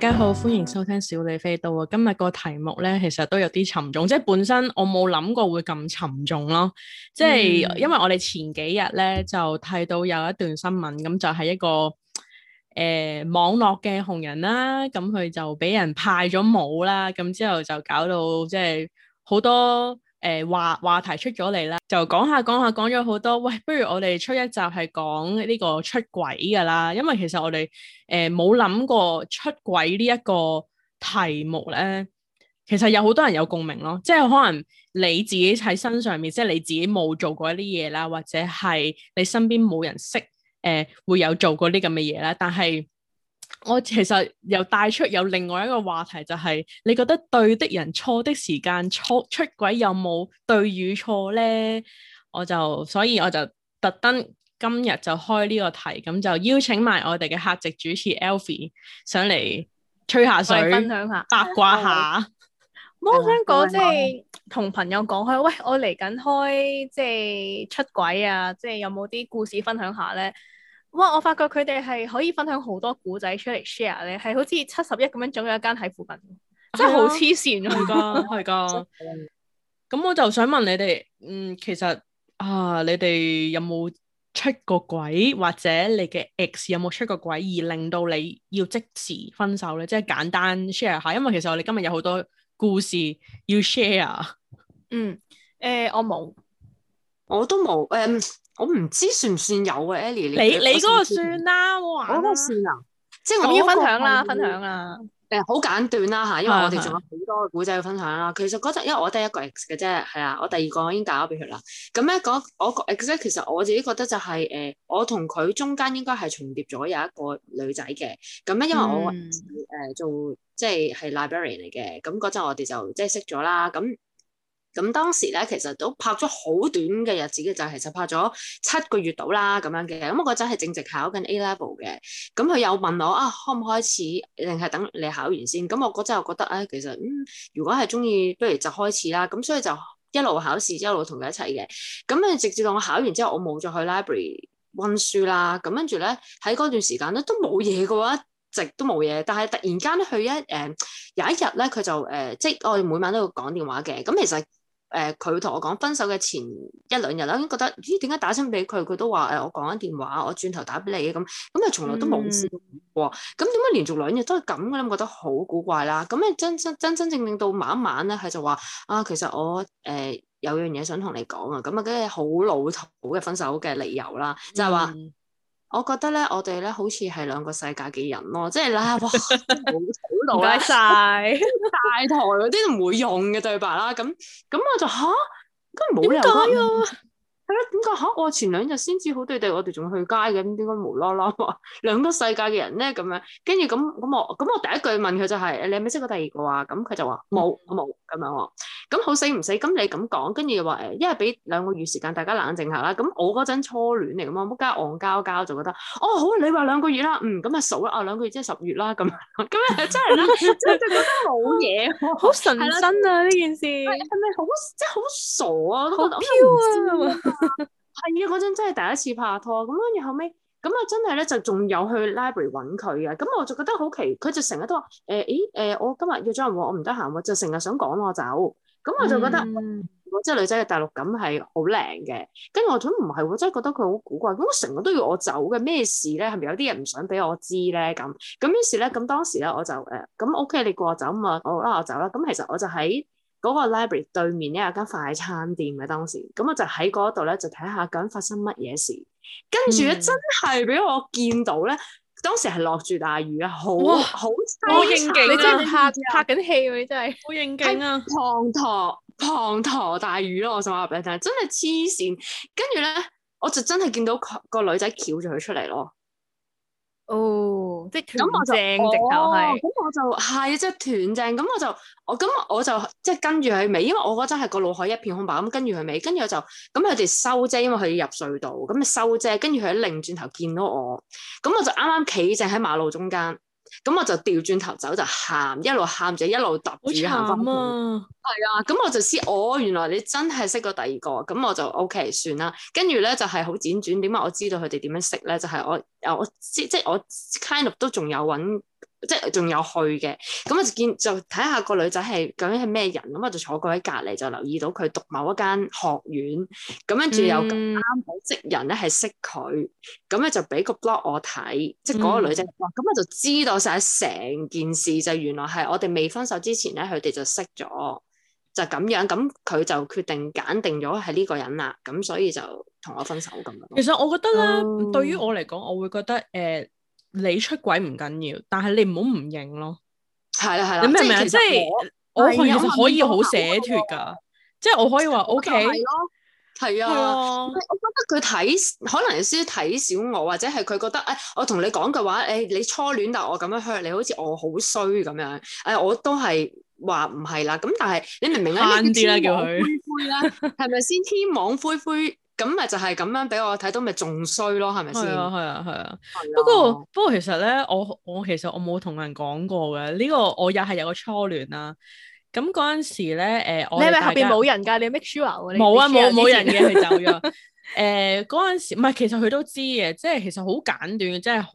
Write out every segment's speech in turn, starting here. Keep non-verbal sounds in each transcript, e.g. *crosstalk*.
大家好，歡迎收聽小李飛刀啊！今日個題目咧，其實都有啲沉重，即係本身我冇諗過會咁沉重咯，即係因為我哋前幾日咧就睇到有一段新聞，咁就係一個誒、呃、網絡嘅紅人啦，咁佢就俾人派咗帽啦，咁之後就搞到即係好多。誒、呃、話話題出咗嚟，咧，就講下講下講咗好多。喂，不如我哋出一集係講呢個出軌噶啦，因為其實我哋誒冇諗過出軌呢一個題目咧，其實有好多人有共鳴咯。即係可能你自己喺身上面，即係你自己冇做過一啲嘢，啦，或者係你身邊冇人識誒、呃、會有做過啲咁嘅嘢啦，但係。我其實又帶出有另外一個話題，就是，就係你覺得對的人錯的時間錯出軌有冇對與錯咧？我就所以我就特登今日就開呢個題，咁就邀請埋我哋嘅客席主持 Alfie 上嚟吹下水，分享下八卦下。我我想講即係同朋友講開，喂，我嚟緊開即係、就是、出軌啊，即、就、係、是、有冇啲故事分享下咧？哇！我發覺佢哋係可以分享好多古仔出嚟 share 咧，係好似七十一咁樣，總有一間喺附近，啊、真係好黐線噶，係噶。咁 *laughs* 我就想問你哋，嗯，其實啊，你哋有冇出過軌，或者你嘅 ex 有冇出過軌，而令到你要即時分手咧？即係簡單 share 下，因為其實我哋今日有好多故事要 share。嗯，誒、呃，我冇，我都冇，誒、um。.我唔知算唔算有啊，Ellie，你你嗰個算啦，我嗰個算啊，啊算啊即係是我要分享啦，分享啦。誒、呃，好簡短啦、啊、吓，因為我哋仲有好多古仔要分享啦、啊 *laughs* 啊。其實嗰陣，因為我得一個 X 嘅啫，係啊，我第二個我已經打咗俾佢啦。咁咧嗰我個 X 咧，其實我自己覺得就係、是、誒、呃，我同佢中間應該係重疊咗有一個女仔嘅。咁咧，因為我誒、嗯呃、做即係係 library 嚟嘅，咁嗰陣我哋就即係識咗啦，咁、那個。嗯嗯咁當時咧，其實都拍咗好短嘅日子嘅，就係、其實拍咗七個月到啦咁樣嘅。咁我嗰陣係正直考緊 A level 嘅，咁佢又問我啊，可唔開始，定係等你考完先？咁我嗰陣我覺得啊，其實嗯，如果係中意，不如就開始啦。咁所以就一路考試，一路同佢一齊嘅。咁啊，直接到我考完之後，我冇再去 library 溫書啦。咁跟住咧，喺嗰段時間咧都冇嘢嘅話，一直都冇嘢。但係突然間咧，佢一誒、呃、有一日咧，佢就誒、呃、即係我哋每晚都會講電話嘅。咁其實～誒，佢同我講分手嘅前一兩日啦，已經覺得咦，點解打聲俾佢，佢都話誒、呃、我講緊電話，我轉頭打俾你嘅咁。咁啊從來都冇試過，咁點解連續兩日都係咁咧？我覺得好古怪啦，咁啊真真真真正正到晚一晚咧，佢就話啊，其實我誒、呃、有樣嘢想同你講啊，咁啊嗰啲好老土嘅分手嘅理由啦，就係、是、話。嗯我覺得咧，我哋咧好似係兩個世界嘅人咯，即係啦，哇，冇討論曬大台嗰啲都唔會用嘅，對白啦，咁咁我就嚇，點解啊？係咯，點解吓？我前兩日先至好對地，我哋仲去街嘅，點解無啦啦，兩個世界嘅人咧咁樣？跟住咁咁我咁我第一句問佢就係，你係咪識過第二個啊？咁佢就話冇冇咁樣喎。咁好死唔死？咁你咁講，跟住又話誒，因為俾兩個月時間大家冷靜下啦。咁我嗰陣初戀嚟噶嘛，冇加戇交交，就覺得哦好，你話兩個月啦，嗯，咁啊數啦，啊兩個月即係十月啦，咁咁真係咧，就覺得冇嘢，好純真啊呢件事，係咪好即係好傻啊？好覺得飄啊～係啊，嗰陣 *laughs* 真係第一次拍拖咁，跟住後尾，咁啊，真係咧，就仲有去 library 搵佢啊。咁我就覺得好奇，佢就成日都話誒，誒，誒，我今日約咗人喎，我唔得閒喎，就成日想趕我走，咁我就覺得即係、嗯嗯、女仔嘅大陸感係好靚嘅，跟住我都唔係，真係覺得佢好古怪，咁我成日都要我走嘅咩事咧？係咪有啲人唔想俾我知咧？咁咁於是咧，咁當時咧我就誒，咁、呃、OK，你趕我走啊嘛，好啦，我走啦。咁其實我就喺。嗰個 library 對面咧有間快餐店嘅當時，咁我就喺嗰度咧就睇下究竟發生乜嘢事，跟住咧、嗯、真係俾我見到咧，當時係落住大雨啊，好哇，好應景啊，你真係拍拍緊戲喎、啊，你真係好應景啊，滂沱滂沱大雨咯，我想話俾你聽，真係黐線，跟住咧我就真係見到個,個女仔翹咗佢出嚟咯。哦，即斷正直就咁我就係即斷正政，咁、哦、我就我咁我就即、即係、跟住佢尾，因為我嗰陣係個腦海一片空白，咁跟住佢尾，跟住我就咁佢哋收遮，因為佢要入隧道，咁咪收遮，跟住佢喺擰轉頭見到我，咁我就啱啱企正喺馬路中間。咁我就調轉頭走就喊，一路喊就一路揼住行翻去。係啊，咁我就知，哦，原來你真係識過第二個，咁我就 OK 算啦。跟住咧就係好輾轉，點解我知道佢哋點樣識咧？就係我，我即即我 kind of 都仲有揾。即係仲有去嘅，咁我就見就睇下個女仔係究竟係咩人，咁我就坐過喺隔籬就留意到佢讀某一間學院，咁跟住又啱好識人咧係識佢，咁咧就俾個 block 我睇，即係嗰個女仔，咁、嗯、我就知道晒成件事就原來係我哋未分手之前咧，佢哋就識咗，就咁樣，咁佢就決定揀定咗係呢個人啦，咁所以就同我分手咁樣。其實我覺得咧，oh. 對於我嚟講，我會覺得誒。Uh, 你出軌唔緊要，但係你唔好唔認咯。係啦係啦，啊、你明唔明即係我其實可以好解脱噶，即係、啊、我可以話 O K 咯。係啊，我,我覺得佢睇可能有少少睇小我，或者係佢覺得誒、哎，我同你講嘅話，誒、哎，你初戀但我咁樣 hurt 你，好似我好衰咁樣。誒、哎，我都係話唔係啦。咁但係你明唔明啲先叫佢。灰灰啦，係咪先天網灰灰？ *laughs* 是咁咪就係咁樣俾我睇到咪仲衰咯，係咪先？係啊，係啊，係啊。啊不過不過其實咧，我我其實我冇同人講過嘅呢、這個，我又係有個初戀啦、啊。咁嗰陣時咧，誒，你係咪後邊冇人噶？你 make sure 我冇啊，冇冇、啊啊、人嘅佢走咗。誒 *laughs* 呃，嗰陣時唔係，其實佢都知嘅，即係其實好簡短，嘅、呃，即係好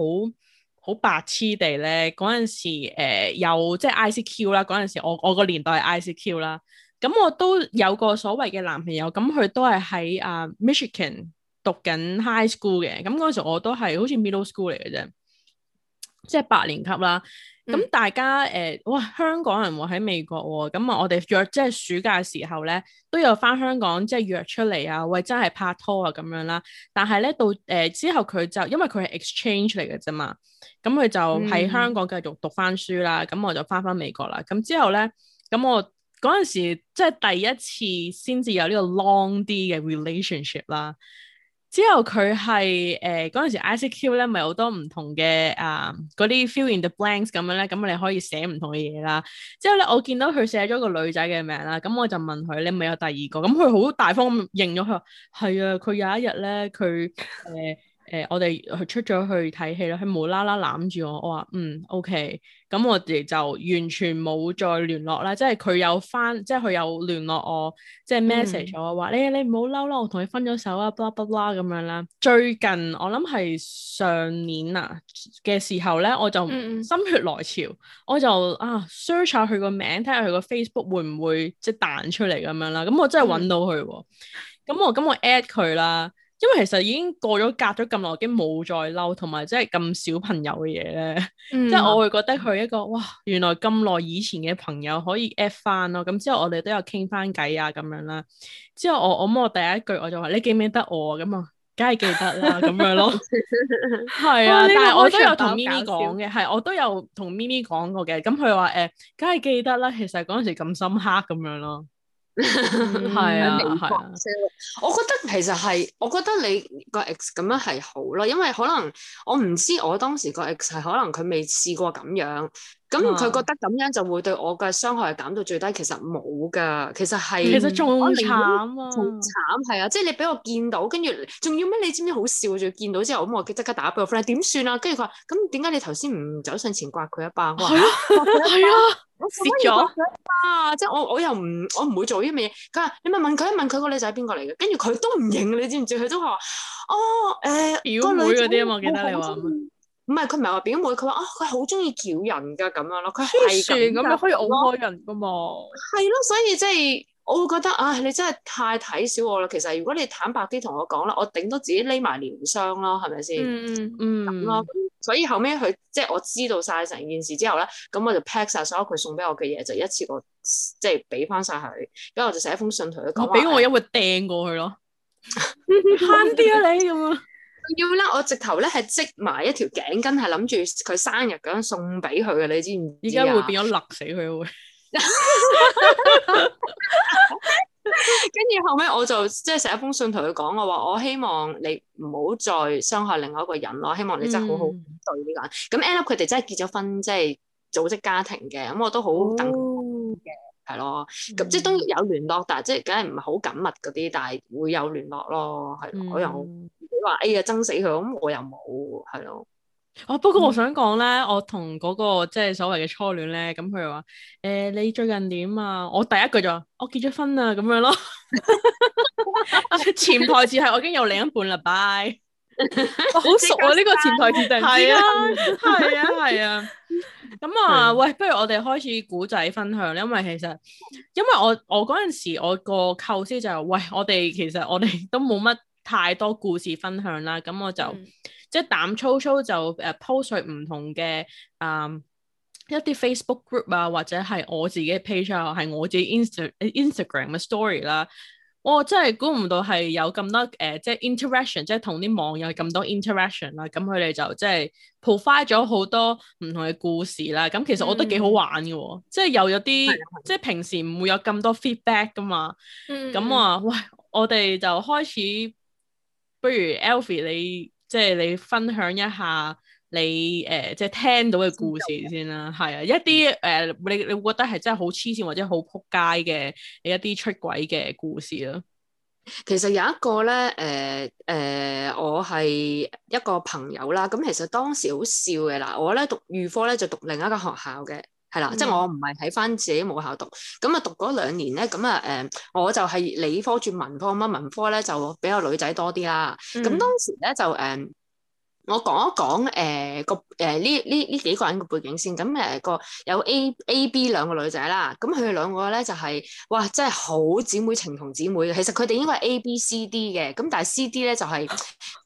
好白痴地咧。嗰陣時，誒，有即係 ICQ 啦。嗰陣時，我我個年代係 ICQ 啦。咁我都有個所謂嘅男朋友，咁佢都係喺啊 Michigan 讀緊 high school 嘅，咁嗰陣時我都係好似 middle school 嚟嘅啫，即係八年級啦。咁大家誒、嗯呃，哇！香港人喎、哦、喺美國喎、哦，咁啊，我哋約即係暑假嘅時候咧，都有翻香港，即、就、係、是、約出嚟啊，喂，真係拍拖啊咁樣啦。但係咧，到誒、呃、之後佢就因為佢係 exchange 嚟嘅啫嘛，咁佢就喺香港繼續讀翻書啦。咁、嗯、我就翻翻美國啦。咁之後咧，咁我。嗰陣時即係第一次先至有呢個 long 啲嘅 relationship 啦。之後佢係誒嗰陣時 ICQ 咧，咪好多唔同嘅，啊嗰啲 fill in the blanks 咁樣咧，咁你可以寫唔同嘅嘢啦。之後咧，我見到佢寫咗個女仔嘅名啦，咁、嗯、我就問佢，你咪有第二個？咁佢好大方咁認咗佢，係啊，佢有一日咧，佢誒。呃 *laughs* 誒、呃，我哋去出咗去睇戲啦，佢無啦啦攬住我，我話，嗯 OK，咁我哋就完全冇再聯絡啦。即係佢有返，即係佢有聯絡我，即係 message 我話、嗯、你你唔好嬲啦，我同你分咗手啦，blah blah blah 咁樣啦。最近我諗係上年啊嘅時候咧，我就心血來潮，嗯、我就啊 search 下佢個名，睇下佢個 Facebook 會唔會即係彈出嚟咁樣啦。咁我真係揾到佢喎，咁、嗯、我咁我 at 佢啦。因為其實已經過咗隔咗咁耐，已經冇再嬲，同埋即係咁小朋友嘅嘢咧，即係、嗯啊、 *laughs* 我會覺得佢一個哇，原來咁耐以前嘅朋友可以 add 翻咯。咁之後我哋都有傾翻偈啊，咁樣啦。之後我我摸我第一句我就話：你記唔記得我,我記得 *laughs* 啊？咁啊，梗係 *laughs* 記得啦，咁樣咯。係啊，但係我都有同咪咪講嘅，係我都有同咪咪講過嘅。咁佢話誒，梗係記得啦。其實嗰時咁深刻咁樣咯。係、 *laughs* 嗯、啊，係確啊，我覺得其實係，我覺得你個 x 咁樣係好咯，因為可能我唔知我當時個 x 係可能佢未試過咁樣。咁佢、嗯、覺得咁樣就會對我嘅傷害減到最低，其實冇噶，其實係，其實仲慘啊，仲慘係、哦、啊，即係你俾我見到，跟住仲要咩？你知唔知好笑？仲要見到之後，咁我即刻打俾個 friend，點算啊？跟住佢話，咁點解你頭先唔走上前刮佢一巴？我話係啊，我蝕咗啊！即係我我又唔我唔會做呢啲咩嘢。佢話你咪問佢一問佢、個女仔係邊個嚟嘅？跟住佢都唔認你知唔知？佢都話哦誒，表妹嗰啲啊，我記得你話唔係佢唔係話表妹，佢話啊佢好中意撬人噶咁樣咯，佢係咁咁又可以嘔開人噶嘛？係咯，所以即係我會覺得啊、哎，你真係太睇小我啦。其實如果你坦白啲同我講啦，我頂多自己匿埋療傷啦，係咪先？嗯嗯嗯，咁咯。所以後尾佢即係我知道晒成件事之後咧，咁我就 pack 晒所有佢送俾我嘅嘢，就一次過即係俾翻晒佢。咁我就寫封信同佢講，我俾 *laughs* 我一棍掟過去咯，慳 *laughs* 啲啊你咁啊！要啦，我直頭咧係織埋一條頸巾，係諗住佢生日噉樣送俾佢嘅，你知唔知啊？依家會變咗勒死佢會。跟住後尾，我就即係寫一封信同佢講，我話我希望你唔好再傷害另外一個人咯，希望你真係好好對呢個人。咁 end up，佢哋真係結咗婚，即係組織家庭嘅，咁我都好等嘅，係咯。咁即係都有聯絡，但係即係梗係唔係好緊密嗰啲，但係會有聯絡咯，係我有。話哎呀，憎死佢，咁我又冇係咯。哦，不過我想講咧，我同嗰、那個即係所謂嘅初戀咧，咁佢話誒你最近點啊？我第一句就話我結咗婚啦，咁樣咯。 *laughs* 潛台詞係我已經有另一半啦，拜，拜。 *laughs* *laughs* 好熟啊，呢 *laughs* 個潛台詞定係啊，係啊 *laughs* 的，係啊。 *laughs* 咁啊， *laughs* *laughs* 喂，不如我哋開始古仔分享，因為其實因為我我嗰陣時我個構思，思，思，思就係、是、喂，我哋其實我哋都冇乜。太多故事分享啦，咁我就、嗯、即係膽粗粗就誒 post 喺唔同嘅誒、嗯、一啲 Facebook group 啊，或者係我自己嘅 page 啊，係我自己 Instagram 嘅 story 啦、啊。我真係估唔到係有咁多誒、呃，即係 interaction，即係同啲網友咁多 interaction 啦、啊。咁佢哋就即係 provide 咗好多唔同嘅故事啦。咁其實我覺得幾好玩嘅、哦，嗯、即係又有啲、嗯、即係平時唔會有咁多 feedback 噶嘛。咁啊、嗯嗯，喂，我哋就開始。不如 Alfie，你即係你分享一下你誒、呃、即係聽到嘅故事先啦，係啊，一啲誒、呃、你你覺得係真係好黐線或者好撲街嘅一啲出軌嘅故事咯。其實有一個咧，誒、呃、誒、呃，我係一個朋友啦。咁其實當時好笑嘅，啦，我咧讀預科咧就讀另一個學校嘅。係啦，嗯、即係我唔係喺翻自己母校讀，咁啊讀嗰兩年咧，咁啊誒，我就係理科轉文科咁啊，文科咧就比較女仔多啲啦，咁、嗯、當時咧就誒。呃我講一講誒、呃、個誒呢呢呢幾個人嘅背景先，咁誒個有 A A B 兩個女仔啦，咁佢哋兩個咧就係、是，哇真係好姊妹情同姊妹嘅，其實佢哋應該係 A B C D 嘅，咁但係 C D 咧就係、是呃、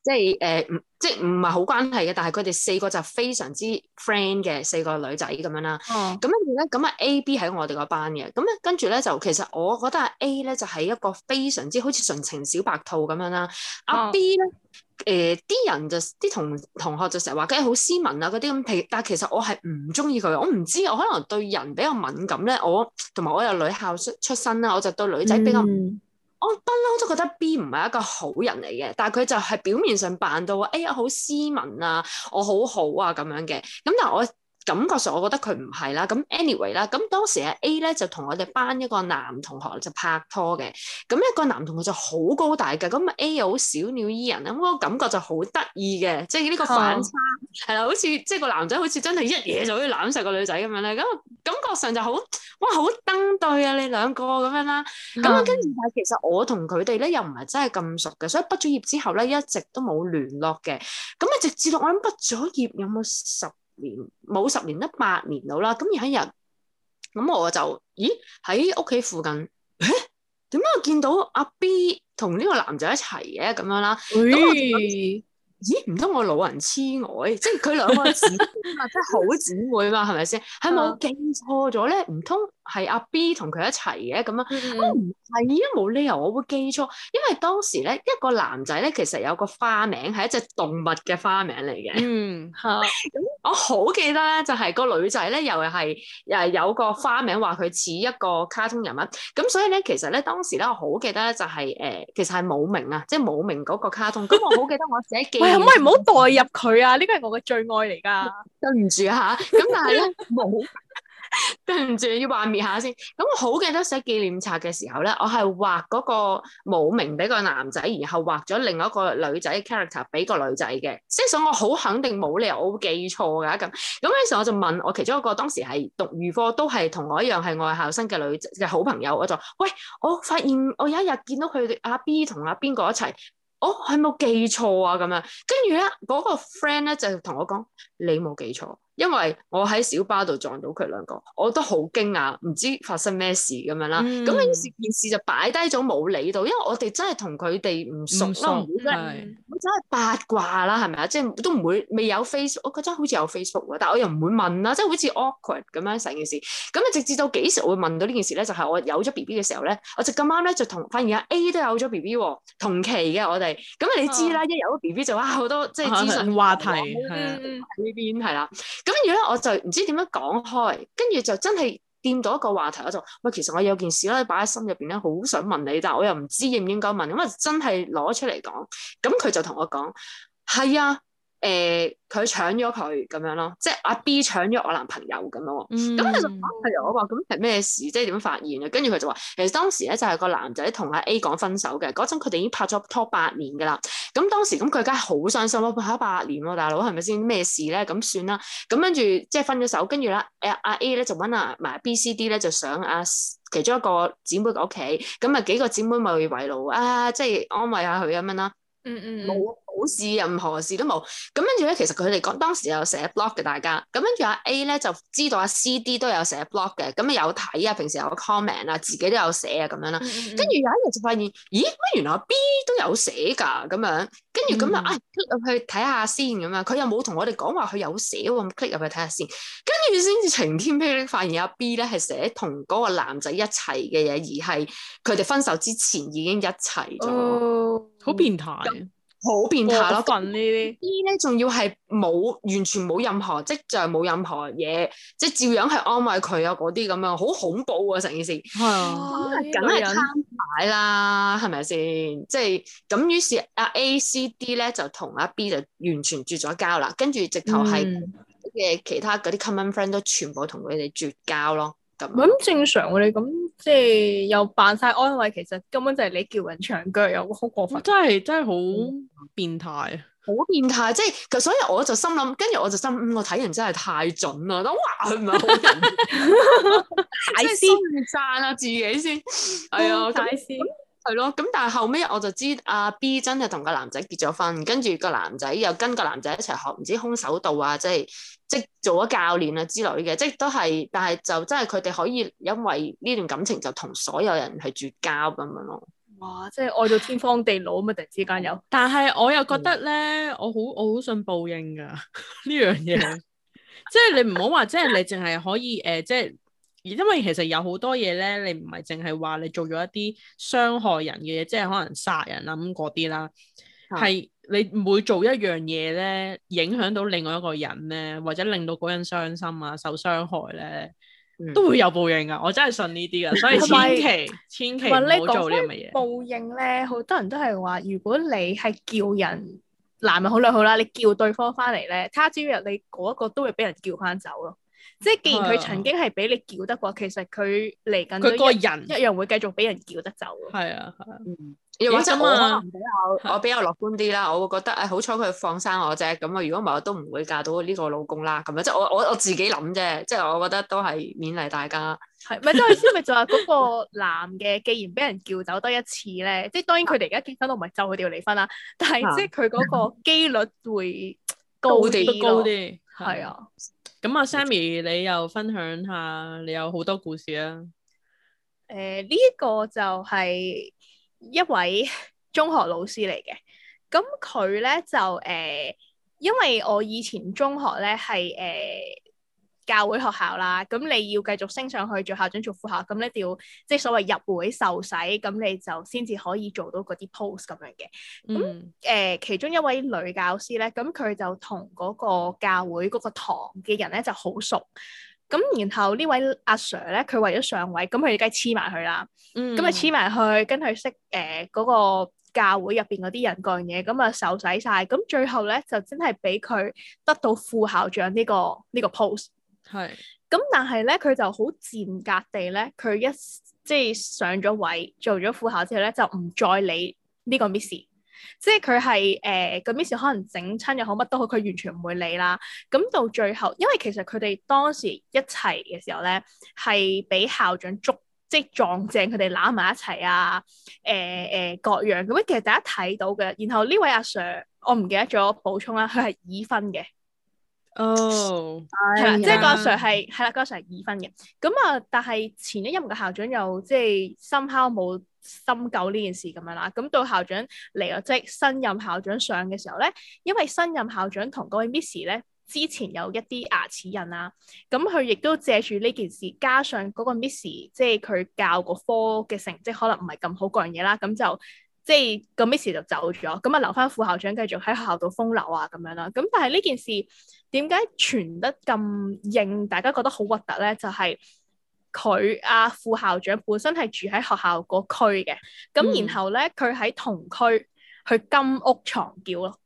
即係誒唔即係唔係好關係嘅，但係佢哋四個就非常之 friend 嘅四個女仔咁樣啦。哦、嗯，咁跟住咧，咁啊 A B 喺我哋嗰班嘅，咁咧跟住咧就其實我覺得 A 咧就係一個非常之好似純情小白兔咁樣啦，阿、嗯啊、B 咧。誒啲、呃、人就啲同同學就成日話佢好斯文啊嗰啲咁，其但係其實我係唔中意佢，我唔知我可能對人比較敏感咧，我同埋我有女校出出身啦，我就對女仔比較，嗯、我不嬲都覺得 B 唔係一個好人嚟嘅，但係佢就係表面上扮到哎呀，好斯文啊，我好好啊咁樣嘅，咁但係我。感覺上我覺得佢唔係啦，咁 anyway 啦，咁當時啊 A 咧就同我哋班一個男同學就拍拖嘅，咁一個男同學就好高大嘅，咁啊 A 又好小鳥依人咧，咁個感覺就好得意嘅，即係呢個反差係啦、oh.，好似即係個男仔好似真係一嘢就可以攬實個女仔咁樣咧，咁感覺上就好哇好登對啊你兩個咁樣啦，咁啊跟住但係其實我同佢哋咧又唔係真係咁熟嘅，所以畢咗業之後咧一直都冇聯絡嘅，咁啊直至到我諗畢咗業有冇十？冇十年得八年到啦，咁有一日，咁我就，咦，喺屋企附近，誒，點解我見到阿 B 同呢個男仔一齊嘅咁樣啦？咦，咦，唔通我老人痴呆、呃？即係佢兩個姊 *laughs* 妹嘛，即係好姊妹嘛，係咪先？係咪記錯咗咧？唔通？係阿 B 同佢一齊嘅咁樣，唔係啊，嗯、哦、冇理由我會記錯，因為當時咧一個男仔咧其實有個花名係一隻動物嘅花名嚟嘅。嗯，係。咁我好記得咧，就係個女仔咧又係又係有個花名，話佢似一個卡通人物。咁所以咧，其實咧當時咧我好記得咧就係、是、誒、欸，其實係冇名啊，即係冇名嗰個卡通。咁我好記得我自己記。喂，唔好唔好代入佢啊！呢個係我嘅最愛嚟噶。對唔住吓，咁但係咧冇。晉 *laughs* *laughs* 對唔住，要幻滅下先。咁我好記得寫紀念冊嘅時候咧，我係畫嗰個冇名俾個男仔，然後畫咗另外一個女仔 character 俾個女仔嘅。即係所以，我好肯定冇理由我會記錯噶咁。咁嗰陣時我就問我其中一個當時係讀預科，都係同我一樣係外校生嘅女嘅好朋友，我就喂，我發現我有一日見到佢阿 B 同阿邊個一齊，哦，係冇記錯啊咁樣。呢那個、跟住咧嗰個 friend 咧就同我講，你冇記錯。因為我喺小巴度撞到佢兩個，我都好驚訝，唔知發生咩事咁樣啦。咁、mm hmm. 於是件事就擺低咗冇理到，因為我哋真係同佢哋唔熟啦，唔熟會真係的八卦啦，係咪啊？即係都唔會未有 Facebook，我覺得真係好似有 Facebook 喎，但係我又唔會問啦，即係好似 awkward 咁樣成件事。咁啊，直至到幾時我會問到呢件事咧？就係、是、我有咗 B B 嘅時候咧，我就咁啱咧就同發現阿 A 都有咗 B B 喎，同期嘅我哋。咁你知啦，oh. 一有咗 B B 就哇好多即係資訊話題係啊呢邊係啦。嗯。跟住咧，我就唔知點樣講開，跟住就真係掂到一個話題，我就，喂，其實我有件事咧，擺喺心入邊咧，好想問你，但係我又唔知應唔應該問，咁啊真係攞出嚟講，咁佢就同我講，係啊。誒，佢搶咗佢咁樣咯，即、就、係、是、阿 B 搶咗我男朋友咁咯。咁佢、mm hmm. 就阿男友話，咁係咩事？即係點發現啊？跟住佢就話，其實當時咧就係、是、個男仔同阿 A 講分手嘅。嗰陣佢哋已經拍咗拖八年噶、hmm, 啊啊、啦。咁當時咁佢梗係好傷心咯，拍咗八年咯，大佬係咪先咩事咧？咁算啦。咁跟住即係分咗手，跟住啦，阿阿 A 咧就搵阿埋 B、C、D 咧就想阿、啊、其中一個姊妹嘅屋企。咁啊，幾個姊妹咪圍爐啊，即係安慰下佢咁樣啦、mm。嗯、hmm. 嗯。冇好事任何事都冇，咁跟住咧，其實佢哋講當時有寫 blog 嘅大家，咁跟住阿 A 咧就知道阿 C、D 都有寫 blog 嘅，咁啊有睇啊，平時有個 comment 啦，自己都有寫啊咁樣啦。跟住有一日就發現，咦，乜原來阿 B 都有寫噶咁樣，跟住咁啊，哎，click 入、嗯、去睇下先咁啊，佢又冇同我哋講話佢有寫喎，咁 click 入去睇下先，跟住先至晴天霹靂，發現阿 B 咧係寫同嗰個男仔一齊嘅嘢，而係佢哋分手之前已經一齊咗，好、哦嗯、變態。好變態咯過分呢啲。B 咧仲要係冇完全冇任何跡象，冇任何嘢，即係照樣係安慰佢啊，嗰啲咁樣，好恐怖啊成件事。係、啊，咁係梗係攤牌啦，係咪先？即係咁於是阿 A、C、D 咧就同阿 B 就完全絕咗交啦，跟住直頭係嘅其他嗰啲 common friend 都全部同佢哋絕交咯咁正常我哋咁即係又扮晒安慰，其實根本就係你叫人長腳又好過分，真係真係好變態、嗯，好變態，即、就、係、是、所以我就心諗，跟住我就心諗、嗯，我睇人真係太準啦，都話佢唔係好人，睇先讚下自己先，係 *laughs* 啊、哎呦，睇先、 *laughs* 哎。 *laughs* 係咯，咁但係後尾我就知阿 B 真係同個男仔結咗婚，跟住個男仔又跟個男仔一齊學唔知空手道啊，即係即做咗教練啊之類嘅，即都係，但係就真係佢哋可以因為呢段感情就同所有人係絕交咁樣咯。哇！即係愛到天荒地老咁啊，突然之間有，但係我又覺得咧，嗯、我好我好信報應噶呢 *laughs* 樣嘢，即係你唔好話，即係你淨係可以誒，即係。而因為其實有好多嘢咧，你唔係淨係話你做咗一啲傷害人嘅嘢，即係可能殺人啊咁嗰啲啦，係的你每做一樣嘢咧，影響到另外一個人咧，或者令到嗰人傷心啊、受傷害咧，嗯、都會有報應噶。我真係信呢啲噶，所以千祈是千祈唔好做呢啲嘅嘢。報應咧，好多人都係話，如果你係叫人男咪好女好啦，你叫對方翻嚟咧，他朝日你嗰一個都會俾人叫翻走咯。即係既然佢曾經係俾你叫得過，啊、其實佢嚟緊佢個人一樣會繼續俾人叫得走。係啊係啊，如我比較我比較樂觀啲啦，我會覺得誒、哎、好彩佢放生我啫，咁啊如果唔係我都唔會嫁到呢個老公啦。咁樣即係我我我自己諗啫，即係我覺得都係勉勵大家。係咪即係意思咪就話嗰個男嘅？既然俾人叫走得一次咧，即係當然佢哋而家結婚，都唔係就佢哋離婚啦。但係即係佢嗰個機率會高啲高啲係啊。 *laughs* 咁阿 Sammy，你又分享下你有好多故事啊？誒、呃，呢、這、一個就係一位中學老師嚟嘅，咁佢咧就誒、呃，因為我以前中學咧係誒，教會學校啦，咁你要繼續升上去做校長、做副校，咁你一定要即係所謂入會受洗，咁你就先至可以做到嗰啲 post 咁樣嘅。咁誒、嗯呃，其中一位女教師咧，咁佢就同嗰個教會嗰個堂嘅人咧就好熟，咁然後呢位阿 Sir 咧，佢為咗上位，咁佢哋梗係黐埋去啦，咁咪黐埋去，跟佢識誒嗰、呃嗰個教會入邊嗰啲人講嘢，咁啊受洗晒。咁最後咧就真係俾佢得到副校長呢、呢個呢、呢個 post。係，咁但係咧，佢就好賤格地咧，佢一即係上咗位，做咗副校之後咧，就唔再理呢個 Miss，即係佢係誒個 Miss 可能整親又好乜都好，佢完全唔會理啦。咁到最後，因為其實佢哋當時一齊嘅時候咧，係俾校長捉即係撞正佢哋攬埋一齊啊，誒、呃、誒、呃、各樣咁。其實大家睇到嘅，然後呢位阿 Sir，我唔記得咗我補充啦，佢係已婚嘅。哦，係啦，即係嗰個 Sir 係係啦，嗰、那個、Sir 係已婚嘅，咁啊，但係前一任嘅校長又即係深刻冇深究呢件事咁樣啦，咁到校長嚟咗，即新任校長上嘅時候咧，因為新任校長同嗰位 Miss 咧之前有一啲牙齒印啦，咁佢亦都借住呢件事，加上嗰個 Miss 即係佢教個科嘅成績可能唔係咁好嗰樣嘢啦，咁就。即係個，Miss 就走咗，咁啊留翻副校長繼續喺學校度風流啊咁樣啦。咁但係呢件事點解傳得咁硬，大家覺得好核突咧？就係、是、佢啊副校長本身係住喺學校嗰區嘅，咁、嗯、然後咧佢喺同區去金屋藏嬌咯，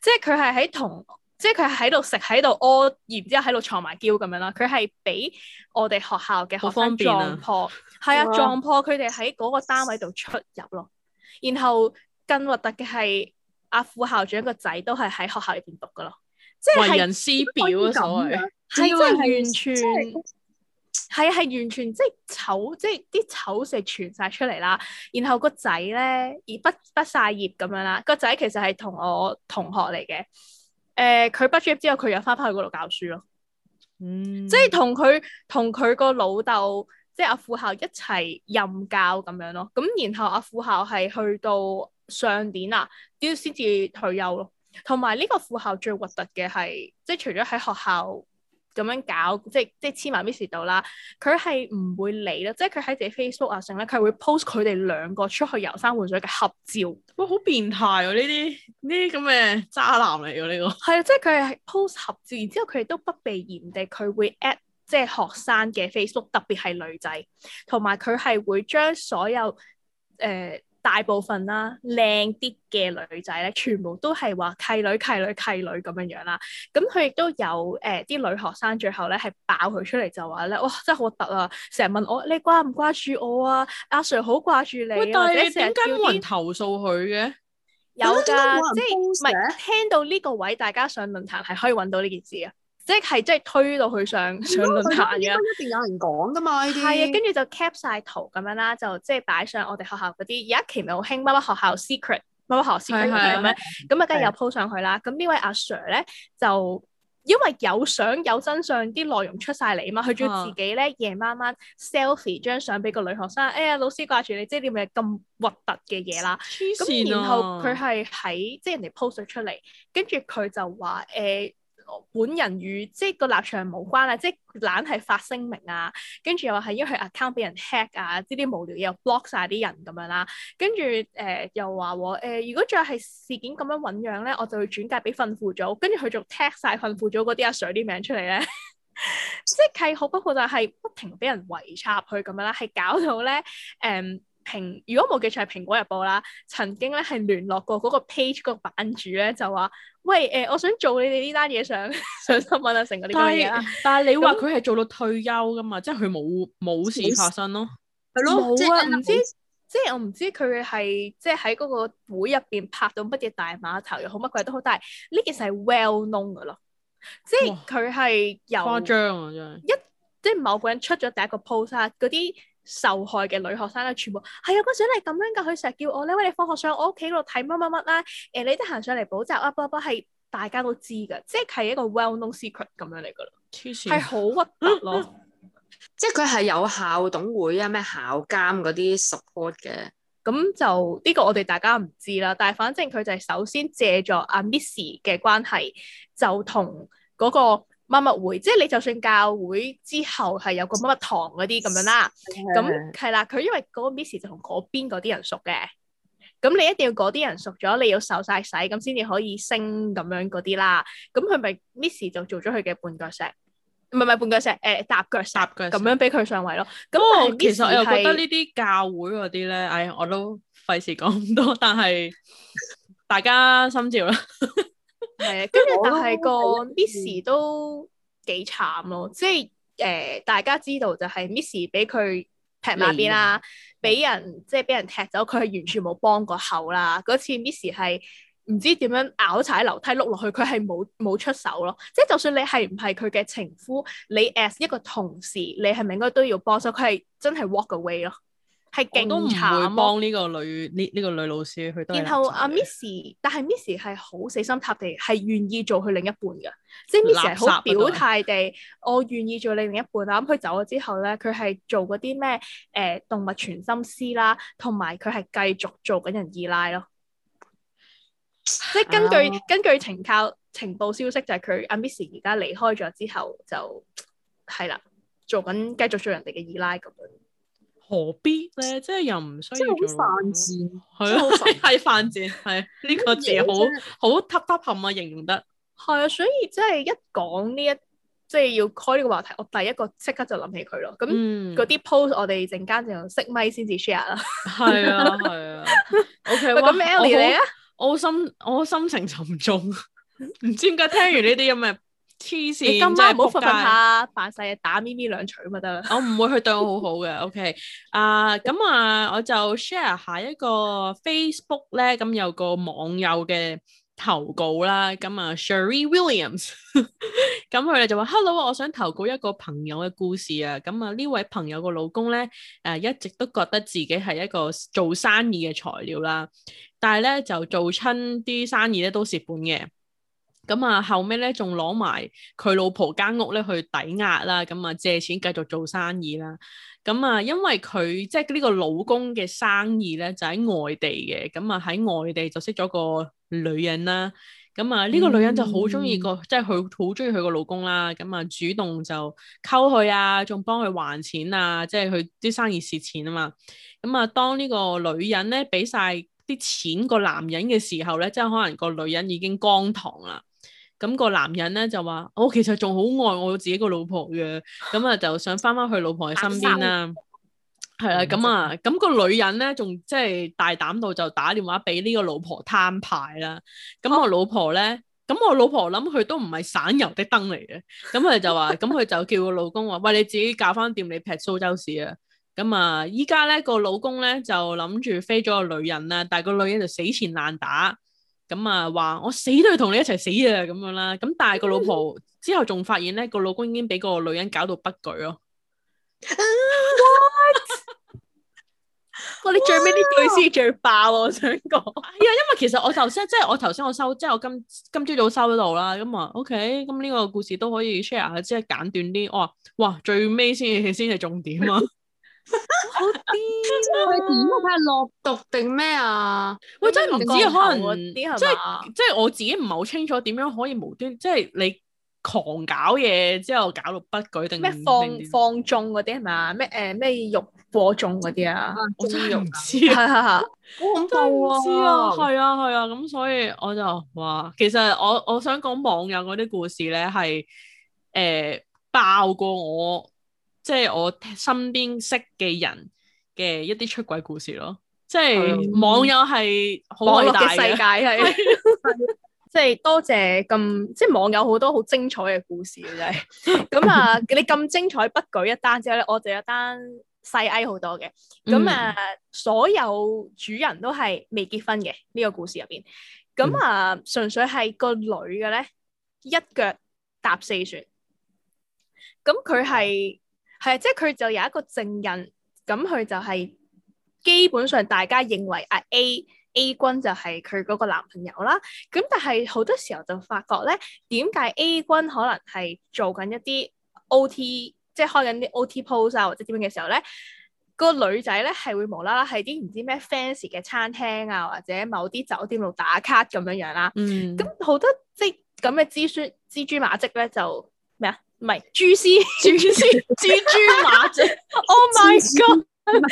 即係佢係喺同即係佢喺度食喺度屙，然之後喺度藏埋嬌咁樣啦。佢係俾我哋學校嘅學生撞破，係啊，啊撞破佢哋喺嗰個單位度出入咯。然後更核突嘅係阿副校長個仔都係喺學校裏邊讀噶咯，即係為人師表啊，係即係完全係係係完全即係醜即係啲醜事傳晒出嚟啦。然後個仔咧而畢畢晒業咁樣啦，個仔其實係同我同學嚟嘅。誒、呃，佢畢業之後佢又翻翻去嗰度教書咯，嗯，即係同佢同佢個老豆，即係阿副校一齊任教咁樣咯，咁然後阿副校係去到上年啊，都先至退休咯。同埋呢個副校最核突嘅係，即係除咗喺學校咁樣搞，即係即係黐埋 Miss 度啦，佢係唔會理咯。即係佢喺自己 Facebook 啊，盛咧佢會 post 佢哋兩個出去遊山玩水嘅合照。哇，好變態喎！呢啲呢啲咁嘅渣男嚟嘅呢個。係啊，即係佢係 post 合照，然之後佢哋都不避嫌地，佢會 at。即係學生嘅 Facebook，特別係女仔，同埋佢係會將所有誒、呃、大部分啦靚啲嘅女仔咧，全部都係話契女契女契女咁樣樣啦。咁佢亦都有誒啲、呃、女學生最後咧係爆佢出嚟，就話咧哇真係好核突啊！成日問我你掛唔掛住我啊？阿、啊、Sir 好掛住你啊！你成日點解冇人投訴佢嘅？有噶的，啊、即係唔係聽到呢個位，大家上論壇係可以搵到呢件事啊！即係即係推到佢上、嗯、上論壇嘅，一定有人講噶嘛呢啲。係啊，跟住就 cap 晒圖咁樣啦，就即係擺上我哋學校嗰啲，而家其實好興乜乜學校 secret 乜乜學校 secret 咁樣是是，咁啊梗係又 po 上去啦。咁是是、啊、呢位阿 Sir 咧，就因為有相有真相啲內容出晒嚟啊嘛，佢仲要自己咧夜晚晚 selfie 張相俾個女學生，啊、哎呀老師掛住你即係啲咩咁核突嘅嘢啦。咁、啊、然後佢係喺即係人哋 po 咗出嚟，跟住佢就話誒。呃呃本人與即係個立場無關啦，即係懶係發聲明啊，跟住又話係因為佢 account 俾人 hack 啊，呢啲無聊嘢又 block 晒啲人咁樣啦，跟住誒又話我、呃、如果再係事件咁樣醞釀咧，我就會轉介俾訓輔組，跟住佢仲 tag 曬訓輔組嗰啲阿 sir 啲名出嚟咧， *laughs* 即係好不過就係不停俾人圍插佢咁樣啦，係搞到咧誒。嗯平如果冇記錯係《蘋果日報》啦，曾經咧係聯絡過嗰個 page 個版主咧，就話：喂誒、呃，我想做你哋呢單嘢上上新聞啊！成個呢個嘢啦。但係 *laughs* 那，你話佢係做到退休噶嘛？即係佢冇冇事發生咯。係咯。冇啊！唔知即係我唔知佢係即係喺嗰個會入邊拍到乜嘢大碼頭又好乜鬼都好，但係呢件事係 well known 噶咯。即係佢係有。誇張啊！真係。一即係某個人出咗第一個 post 啦，嗰啲。受害嘅女學生咧，全部係啊，嗰時你咁樣噶，佢成日叫我咧，喂，你放學上我屋企嗰度睇乜乜乜啦，誒、呃，你得閒上嚟補習啊，不不係大家都知噶，即係係一個 well known secret 咁樣嚟噶啦，係好核突咯，即係佢係有校董會啊，咩校監嗰啲 support 嘅，咁就呢、這個我哋大家唔知啦，但係反正佢就係首先借咗阿 Miss 嘅關係，就同嗰、那個。乜乜會，即係你就算教會之後係有個乜乜堂嗰啲咁樣啦，咁係啦，佢因為嗰個 miss 就同嗰邊嗰啲人熟嘅，咁你一定要嗰啲人熟咗，你要受晒洗咁先至可以升咁樣嗰啲啦，咁佢咪 miss 就做咗佢嘅半腳石，唔係唔係半腳石，誒、呃、踏腳踏腳咁樣俾佢上位咯。咁我那、呃、其實我又覺得呢啲教會嗰啲咧， *laughs* 唉，我都費事講咁多，但係大家心照啦。 *laughs* 係啊，跟住但係個 Miss 都幾慘咯，即係誒，大家知道就係 Miss 俾佢劈埋邊啦，俾 *music* 人即係俾人踢走，佢係完全冇幫過口啦。嗰次 Miss 係唔知點樣拗柴樓梯碌落去，佢係冇冇出手咯。即係就算你係唔係佢嘅情夫，你 as 一個同事，你係咪應該都要幫手？佢係真係 walk away 咯。係勁慘，幫呢個女呢呢個女老師，去。然後阿 Miss，但係 Miss 係好死心塌地，係願意做佢另一半嘅，即係 Miss 係好表態地，我願意做你另一半啊！咁佢 *laughs* 走咗之後咧，佢係做嗰啲咩？誒、呃、動物全心師動物傳心師啦，同埋佢係繼續做緊人二奶咯。 *coughs* 即係根據、oh. 根據情靠情報消息就、啊就，就係佢阿 Miss 而家離開咗之後，就係啦，做緊繼續做人哋嘅二奶咁樣。何必咧？即係又唔需要好做。係咯，係犯賤，係呢個字好好吸吸冚啊，形容得係啊。所以即係一講呢一即係要開呢個話題，我第一個即刻就諗起佢咯。咁嗰啲 post 我哋陣間就熄咪先至 share 啦。係啊係啊。O K，咁 Ellie 你啊？我心我心情沉重，唔知點解聽完呢啲咁嘅。黐線，你今晚唔好瞓瞓下，扮曬嘢打咪咪兩嘴咪得啦！ *laughs* 我唔會去對我好好嘅 *laughs* ，OK？啊，咁啊，我就 share 下一個 Facebook 咧，咁有個網友嘅投稿啦。咁啊，Sherry Williams，咁佢哋就話：Hello，我想投稿一個朋友嘅故事啊。咁啊，呢位朋友嘅老公咧，誒、啊、一直都覺得自己係一個做生意嘅材料啦，但係咧就做親啲生意咧都蝕本嘅。咁啊、嗯，後尾咧仲攞埋佢老婆間屋咧去抵押啦，咁啊借錢繼續做生意啦。咁啊，因為佢即係呢個老公嘅生意咧就喺、是、外地嘅，咁啊喺外地就識咗個女人啦。咁啊呢，這個女人就好中意個，嗯、即係佢好中意佢個老公啦。咁啊，啊主動就溝佢啊，仲幫佢還錢啊，即係佢啲生意蝕錢啊嘛。咁啊當呢個女人咧俾晒啲錢個男人嘅時候咧、啊，即係可能個女人已經乾塘啦。咁個男人咧就話，我其實仲好愛我自己個老婆嘅，咁啊就想翻翻去老婆嘅身邊啦，係 het 啊 anes、 *laughs* so，咁啊，咁個女人咧仲即係大膽到就打電話俾呢個老婆攤牌啦。咁我老婆咧，咁我老婆諗佢都唔係省油的燈嚟嘅，咁佢就話，咁佢就叫個老公話，喂，你自己搞翻掂你劈蘇州市啊。咁啊，依家咧個老公咧就諗住飛咗個女人啦，但係個女人就死纏爛打。咁啊，話我死都要同你一齊死啊，咁樣啦。咁但係個老婆之後仲發現咧，個老公已經俾個女人搞到不舉咯。哇！你最尾呢句先最爆啊！我想講，係啊，因為其實我頭先即係我頭先我收，即係我今今朝早收到啦。咁啊，OK，咁呢個故事都可以 share 下，即係簡短啲。我話哇，最尾先先係重點啊！ *laughs* *laughs* 好癲，佢點啊？睇落 *music* 毒定咩啊？喂，真係唔知，可能即係即係我自己唔係好清楚點樣可以無端即係你狂搞嘢之後搞到不舉定咩放放縱嗰啲係咪？咩誒咩欲火中嗰啲、那個、啊？ *laughs* 啊我真係唔知，係我咁真係唔知啊，係啊係啊，咁、啊、所以我就話，其實我我想講網友嗰啲故事咧，係、呃、誒爆過我。即係我身邊識嘅人嘅一啲出軌故事咯，即係、嗯、網友係好大世界係， *laughs* 即係多謝咁，即係網友好多好精彩嘅故事嘅真係。咁 *laughs* 啊，你咁精彩不舉一單之後咧，我就有一單細矮好多嘅，咁啊所有主人都係未結婚嘅呢、這個故事入邊，咁啊純粹係個女嘅咧一腳踏四船，咁佢係。係啊，即係佢就有一個證人，咁佢就係基本上大家認為阿 A A 君就係佢嗰個男朋友啦。咁但係好多時候就發覺咧，點解 A 君可能係做緊一啲 OT，即係開緊啲 OT pose 啊，或者點樣嘅時候咧，呢個女仔咧係會無啦啦喺啲唔知咩 fans 嘅餐廳啊，或者某啲酒店度打卡咁樣樣啦。嗯，咁好多即係咁嘅蜘蛛蜘蛛馬迹咧就。唔係蛛絲蛛絲蛛蛛馬迹，Oh my God！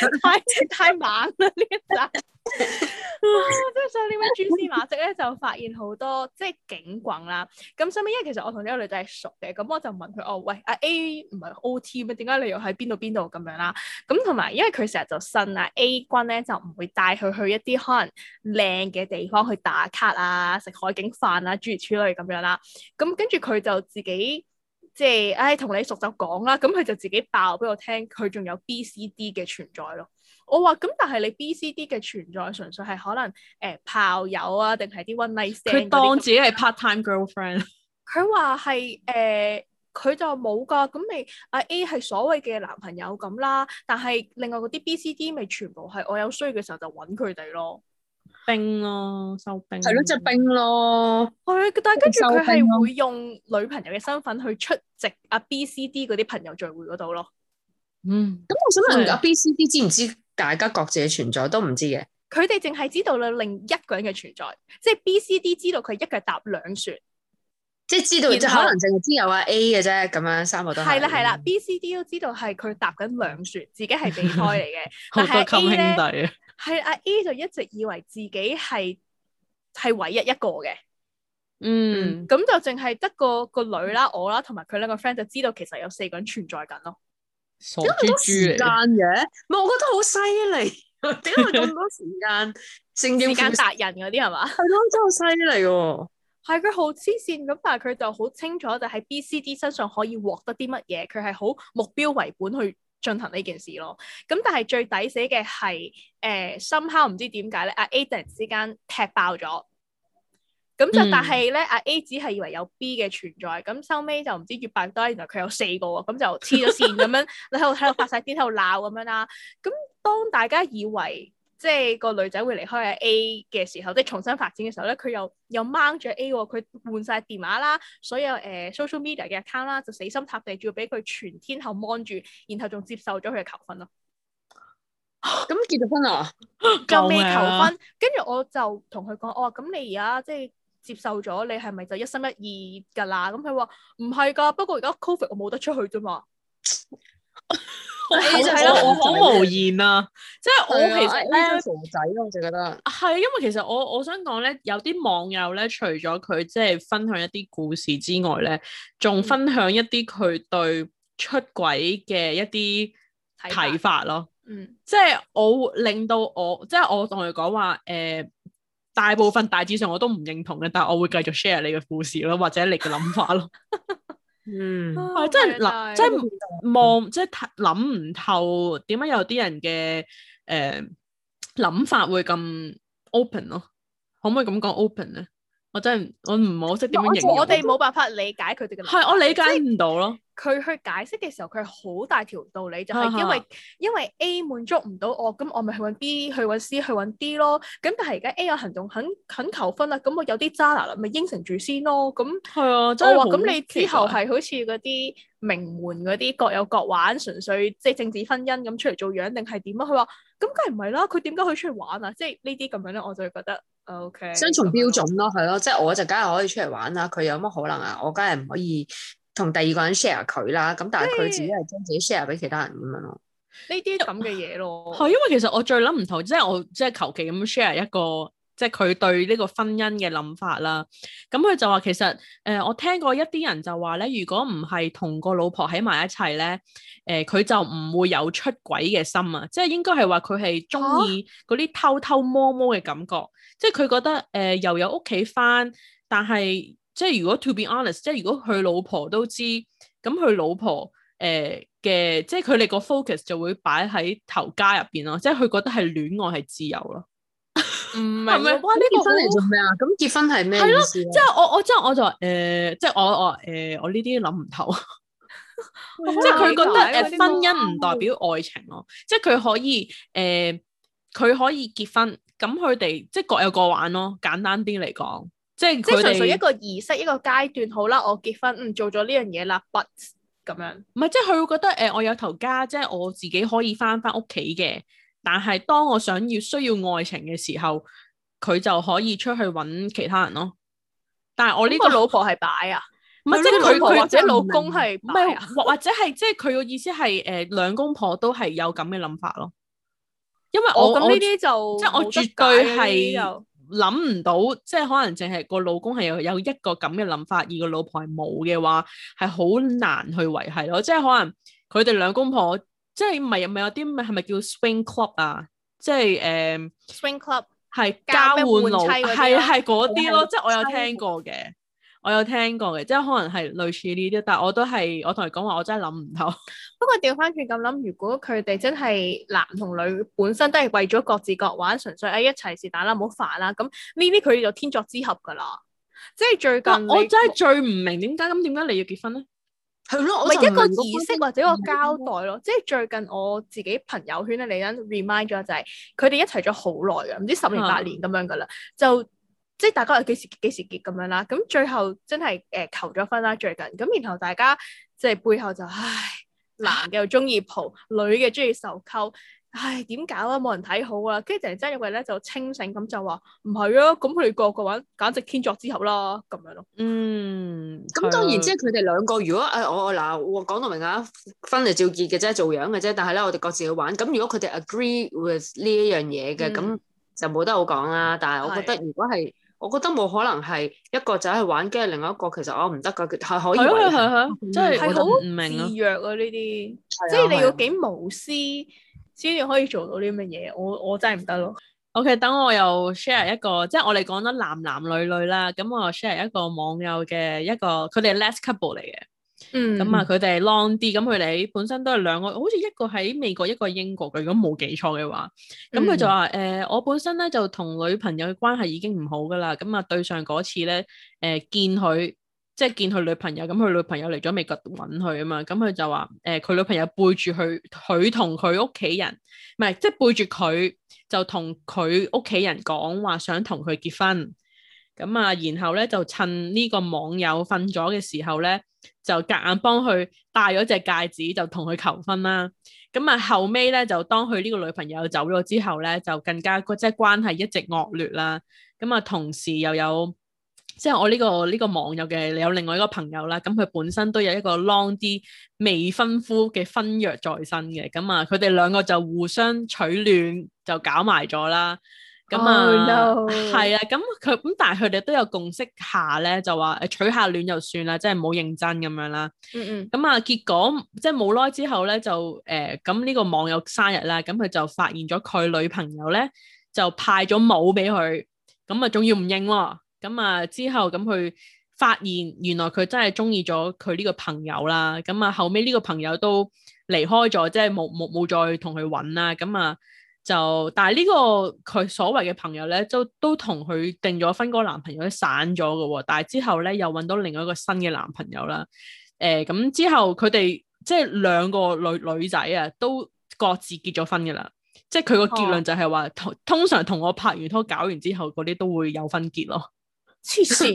*laughs* 太太猛啦 *laughs* *laughs* 呢一集，即係上啲咩蛛絲馬迹咧，就發現好多即係景轟啦。咁所以因為其實我同呢個女仔熟嘅，咁我就問佢哦，喂，阿 A 唔係 O T 咩？點解你又喺邊度邊度咁樣啦？咁同埋因為佢成日就呻啊，A 君咧，就唔會帶佢去一啲可能靚嘅地方去打卡啊，食海景飯啊，諸如此類咁樣啦。咁跟住佢就自己。即係，唉、哎，同你熟就講啦，咁佢就自己爆俾我聽，佢仲有 B C D 嘅存在咯。我話咁，但係你 B C D 嘅存在純粹係可能誒泡、呃、友啊，定係啲 one n i g h 佢當自己係 part time girlfriend。佢話係誒，佢、呃、就冇個咁未，阿 A 係所謂嘅男朋友咁啦，但係另外嗰啲 B C D 咪全部係我有需要嘅時候就揾佢哋咯。兵咯，收兵係咯，隻兵咯，係，但係跟住佢係會用女朋友嘅身份去出席啊 B、C、D 嗰啲朋友聚會嗰度咯。嗯，咁我想問阿 B、C、D 知唔知大家各自嘅存在都唔知嘅？佢哋淨係知道啦，另一個人嘅存在，即係 B、C、D 知道佢一腳搭兩船，即係知道，即係可能淨係知有阿 A 嘅啫，咁樣三個都係。係啦係啦，B、C、D 都知道係佢搭緊兩船，自己係備胎嚟嘅，好多襟兄弟啊。係阿 A 就一直以為自己係係唯一一個嘅，嗯，咁、嗯、就淨係得個個女啦、我啦，同埋佢兩個 friend 就知道其實有四個人存在緊咯。點解咁多時間嘅？唔係， *laughs* 我覺得好犀利，點解咁多時間正時間達人嗰啲係嘛？係咯， *laughs* 真係好犀利喎！係佢好黐線，咁但係佢就好清楚，就喺 BCD 身上可以獲得啲乜嘢。佢係好目標為本去。進行呢件事咯，咁但係最抵死嘅係，誒 somehow 唔知點解咧？阿 A 突然之間踢爆咗，咁就、嗯、但係咧，阿 A 只係以為有 B 嘅存在，咁收尾就唔知越辦多，原來佢有四個喎，咁就黐咗線咁 *laughs* 樣，你喺度喺度發晒癲，喺度鬧咁樣啦，咁當大家以為。即係個女仔會離開 A 嘅時候，即係重新發展嘅時候咧，佢又又掹咗 A 喎，佢換晒電話啦，所有誒 social media 嘅 account 啦，就死心塌地，仲要俾佢全天候望住，然後仲接受咗佢嘅求婚咯。咁結咗婚啊？就未求婚，跟住、啊、我就同佢講，哦，咁你而家即係接受咗，你係咪就一心一意㗎啦？咁佢話唔係㗎，不過而家 COVID 我冇得出去啫嘛。 *laughs* 一我係我好無言啊！即係我其實咧，傻仔咯，我就覺得。係因為其實我我想講咧，有啲網友咧，除咗佢即係分享一啲故事之外咧，仲分享一啲佢對出軌嘅一啲睇法咯。嗯，即係我令到我即係、就是、我同佢講話誒、呃，大部分大致上我都唔認同嘅，但係我會繼續 share 你嘅故事咯，或者你嘅諗法咯。 *laughs* 嗯，係、哦、真係諗，即係望，即係諗唔透，點解有啲人嘅誒諗法會咁 open 咯？可唔可以咁講 open 咧？我真係我唔好識點樣形容。我哋冇辦法理解佢哋嘅諗係，我理解唔到咯。佢去解釋嘅時候，佢係好大條道理，就係因為因為 A 滿足唔到我，咁我咪去搵 B，去搵 C，去搵 D 咯。咁但係而家 A 有行動，肯肯求婚啦，咁我有啲渣男啦，咪應承住先咯。咁係啊，即係話咁你之後係好似嗰啲名門嗰啲各有各玩，純粹即係政治婚姻咁出嚟做樣定係點啊？佢話咁梗係唔係啦？佢點解可以出嚟玩啊？即係呢啲咁樣咧，我就覺得 OK 雙重標準咯，係咯，即係我就梗係可以出嚟玩啦。佢有乜可能啊？我梗係唔可以。同第二個人 share 佢啦，咁但係佢自己係將自己 share 俾其他人咁樣咯。呢啲咁嘅嘢咯，係因為其實我最諗唔同，即係我即係求其咁 share 一個，即係佢對呢個婚姻嘅諗法啦。咁佢就話其實誒、呃，我聽過一啲人就話咧，如果唔係同個老婆喺埋一齊咧，誒、呃、佢就唔會有出軌嘅心啊。即、就、係、是、應該係話佢係中意嗰啲偷偷摸摸嘅感覺，即係佢覺得誒、呃、又有屋企返，但係。即係如果 to be honest，即係如果佢老婆都知，咁佢老婆誒嘅、呃，即係佢哋個 focus 就會擺喺頭家入邊咯。即係佢覺得係戀愛係自由咯。唔係唔係，哇！呢個婚嚟做咩啊？咁結婚係咩 *laughs* 意思？啊、之後我我之後我就誒、呃，即係我我誒，我呢啲諗唔透。 *laughs* *laughs* 即係佢覺得婚姻唔代表愛情咯。即係佢可以誒，佢、呃、可以結婚，咁佢哋即係各有各玩咯。簡單啲嚟講。即係即係，純粹一個儀式，一個階段好啦。我結婚，嗯，做咗呢樣嘢啦，but 咁樣。唔係，即係佢會覺得，誒、呃，我有頭家，即係我自己可以翻翻屋企嘅。但係當我想要需要愛情嘅時候，佢就可以出去揾其他人咯。但係我呢、這個、個老婆係擺啊，唔係即係老婆或者老公係咩啊，或或者係即係佢嘅意思係，誒、呃，兩公婆都係有咁嘅諗法咯。因為我咁呢啲就我我即係我絕對係。諗唔到，即係可能淨係個老公係有有一個咁嘅諗法，而個老婆係冇嘅話，係好難去維繫咯。即係可能佢哋兩公婆，即係唔係唔係有啲係咪叫 Swing Club 啊？即係誒、嗯、，Swing Club 係交換路，係係嗰啲咯。即係我有聽過嘅。我有聽過嘅，即係可能係類似呢啲，但係我都係我同你講話，我真係諗唔透。不過調翻轉咁諗，如果佢哋真係男同女本身都係為咗各自各玩，純粹喺一齊是但啦，唔好煩啦，咁呢啲佢哋就天作之合噶啦。即係最近、啊，我真係最唔明點解咁點解你要結婚咧？係咯，咪一個儀式或者一個交代咯。嗯嗯、即係最近我自己朋友圈咧，女人 remind 咗就係佢哋一齊咗好耐嘅，唔知十年八年咁樣噶啦，嗯、就。即係大家係幾時幾時結咁樣啦，咁最後真係，誒求咗婚啦最近，咁然後大家即係背後就唉，男嘅又中意蒲，女嘅中意受溝，唉點搞啊，冇人睇好啊，跟住突然間因為咧就清醒咁就話唔係啊，咁佢哋各自玩，簡直天作之合啦咁樣咯。嗯，咁當然即係佢哋兩個如果誒我嗱我講到明啊，婚就照結嘅啫，做樣嘅啫，但係咧我哋各自去玩。咁如果佢哋 agree with 呢一樣嘢嘅，咁就冇得好講啦。但係我覺得如果係。我覺得冇可能係一個仔去玩機，另外一個其實我唔得㗎，係可以維係咯，係係係，啊嗯、真係係好啊呢啲，即係你要幾無私先至可以做到啲咁嘅嘢，我我真係唔得咯。啊啊、OK，等我又 share 一個，即係我哋講得男男女女啦，咁我又 share 一個網友嘅一個，佢哋 last couple 嚟嘅。嗯，咁啊，佢哋 long 啲，咁佢哋本身都係兩個，好似一個喺美國，一個係英國嘅，如果冇記錯嘅話，咁佢就話誒、嗯欸，我本身咧就同女朋友嘅關係已經唔好㗎喇，咁、嗯、啊對上嗰次咧，誒、欸、見佢，即係見佢女朋友，咁佢女朋友嚟咗美國搵佢啊嘛，咁、嗯、佢就話誒佢女朋友背住佢，佢同佢屋企人，唔係即係背住佢就同佢屋企人講話想同佢結婚。咁啊，然後咧就趁呢個網友瞓咗嘅時候咧，就夾硬幫佢戴咗隻戒指，就同佢求婚啦。咁啊，後尾咧就當佢呢個女朋友走咗之後咧，就更加即係關係一直惡劣啦。咁啊，同時又有即係我呢個呢個網友嘅有另外一個朋友啦。咁佢本身都有一個 long 啲未婚夫嘅婚約在身嘅。咁啊，佢哋兩個就互相取暖，就搞埋咗啦。咁啊，係、oh, no. 啊，咁佢咁，但係佢哋都有共識下咧，就話誒，取下戀就算啦，即係唔好認真咁樣啦。嗯嗯、mm。咁、hmm. 啊，結果即係冇耐之後咧，就誒咁呢個網友生日啦，咁佢就發現咗佢女朋友咧，就派咗帽俾佢，咁啊，仲要唔應喎，咁啊，之後咁佢發現原來佢真係中意咗佢呢個朋友啦，咁啊，後尾呢個朋友都離開咗，即係冇冇冇再同佢揾啦，咁啊。就但係、這、呢個佢所謂嘅朋友咧，都都同佢定咗婚嗰個男朋友散咗嘅喎，但係之後咧，又搵到另外一個新嘅男朋友啦。誒、呃、咁之後佢哋即係兩個女女仔啊，都各自結咗婚嘅啦。即係佢個結論就係話，哦、通常同我拍完拖搞完之後，嗰啲都會有分結咯。黐線，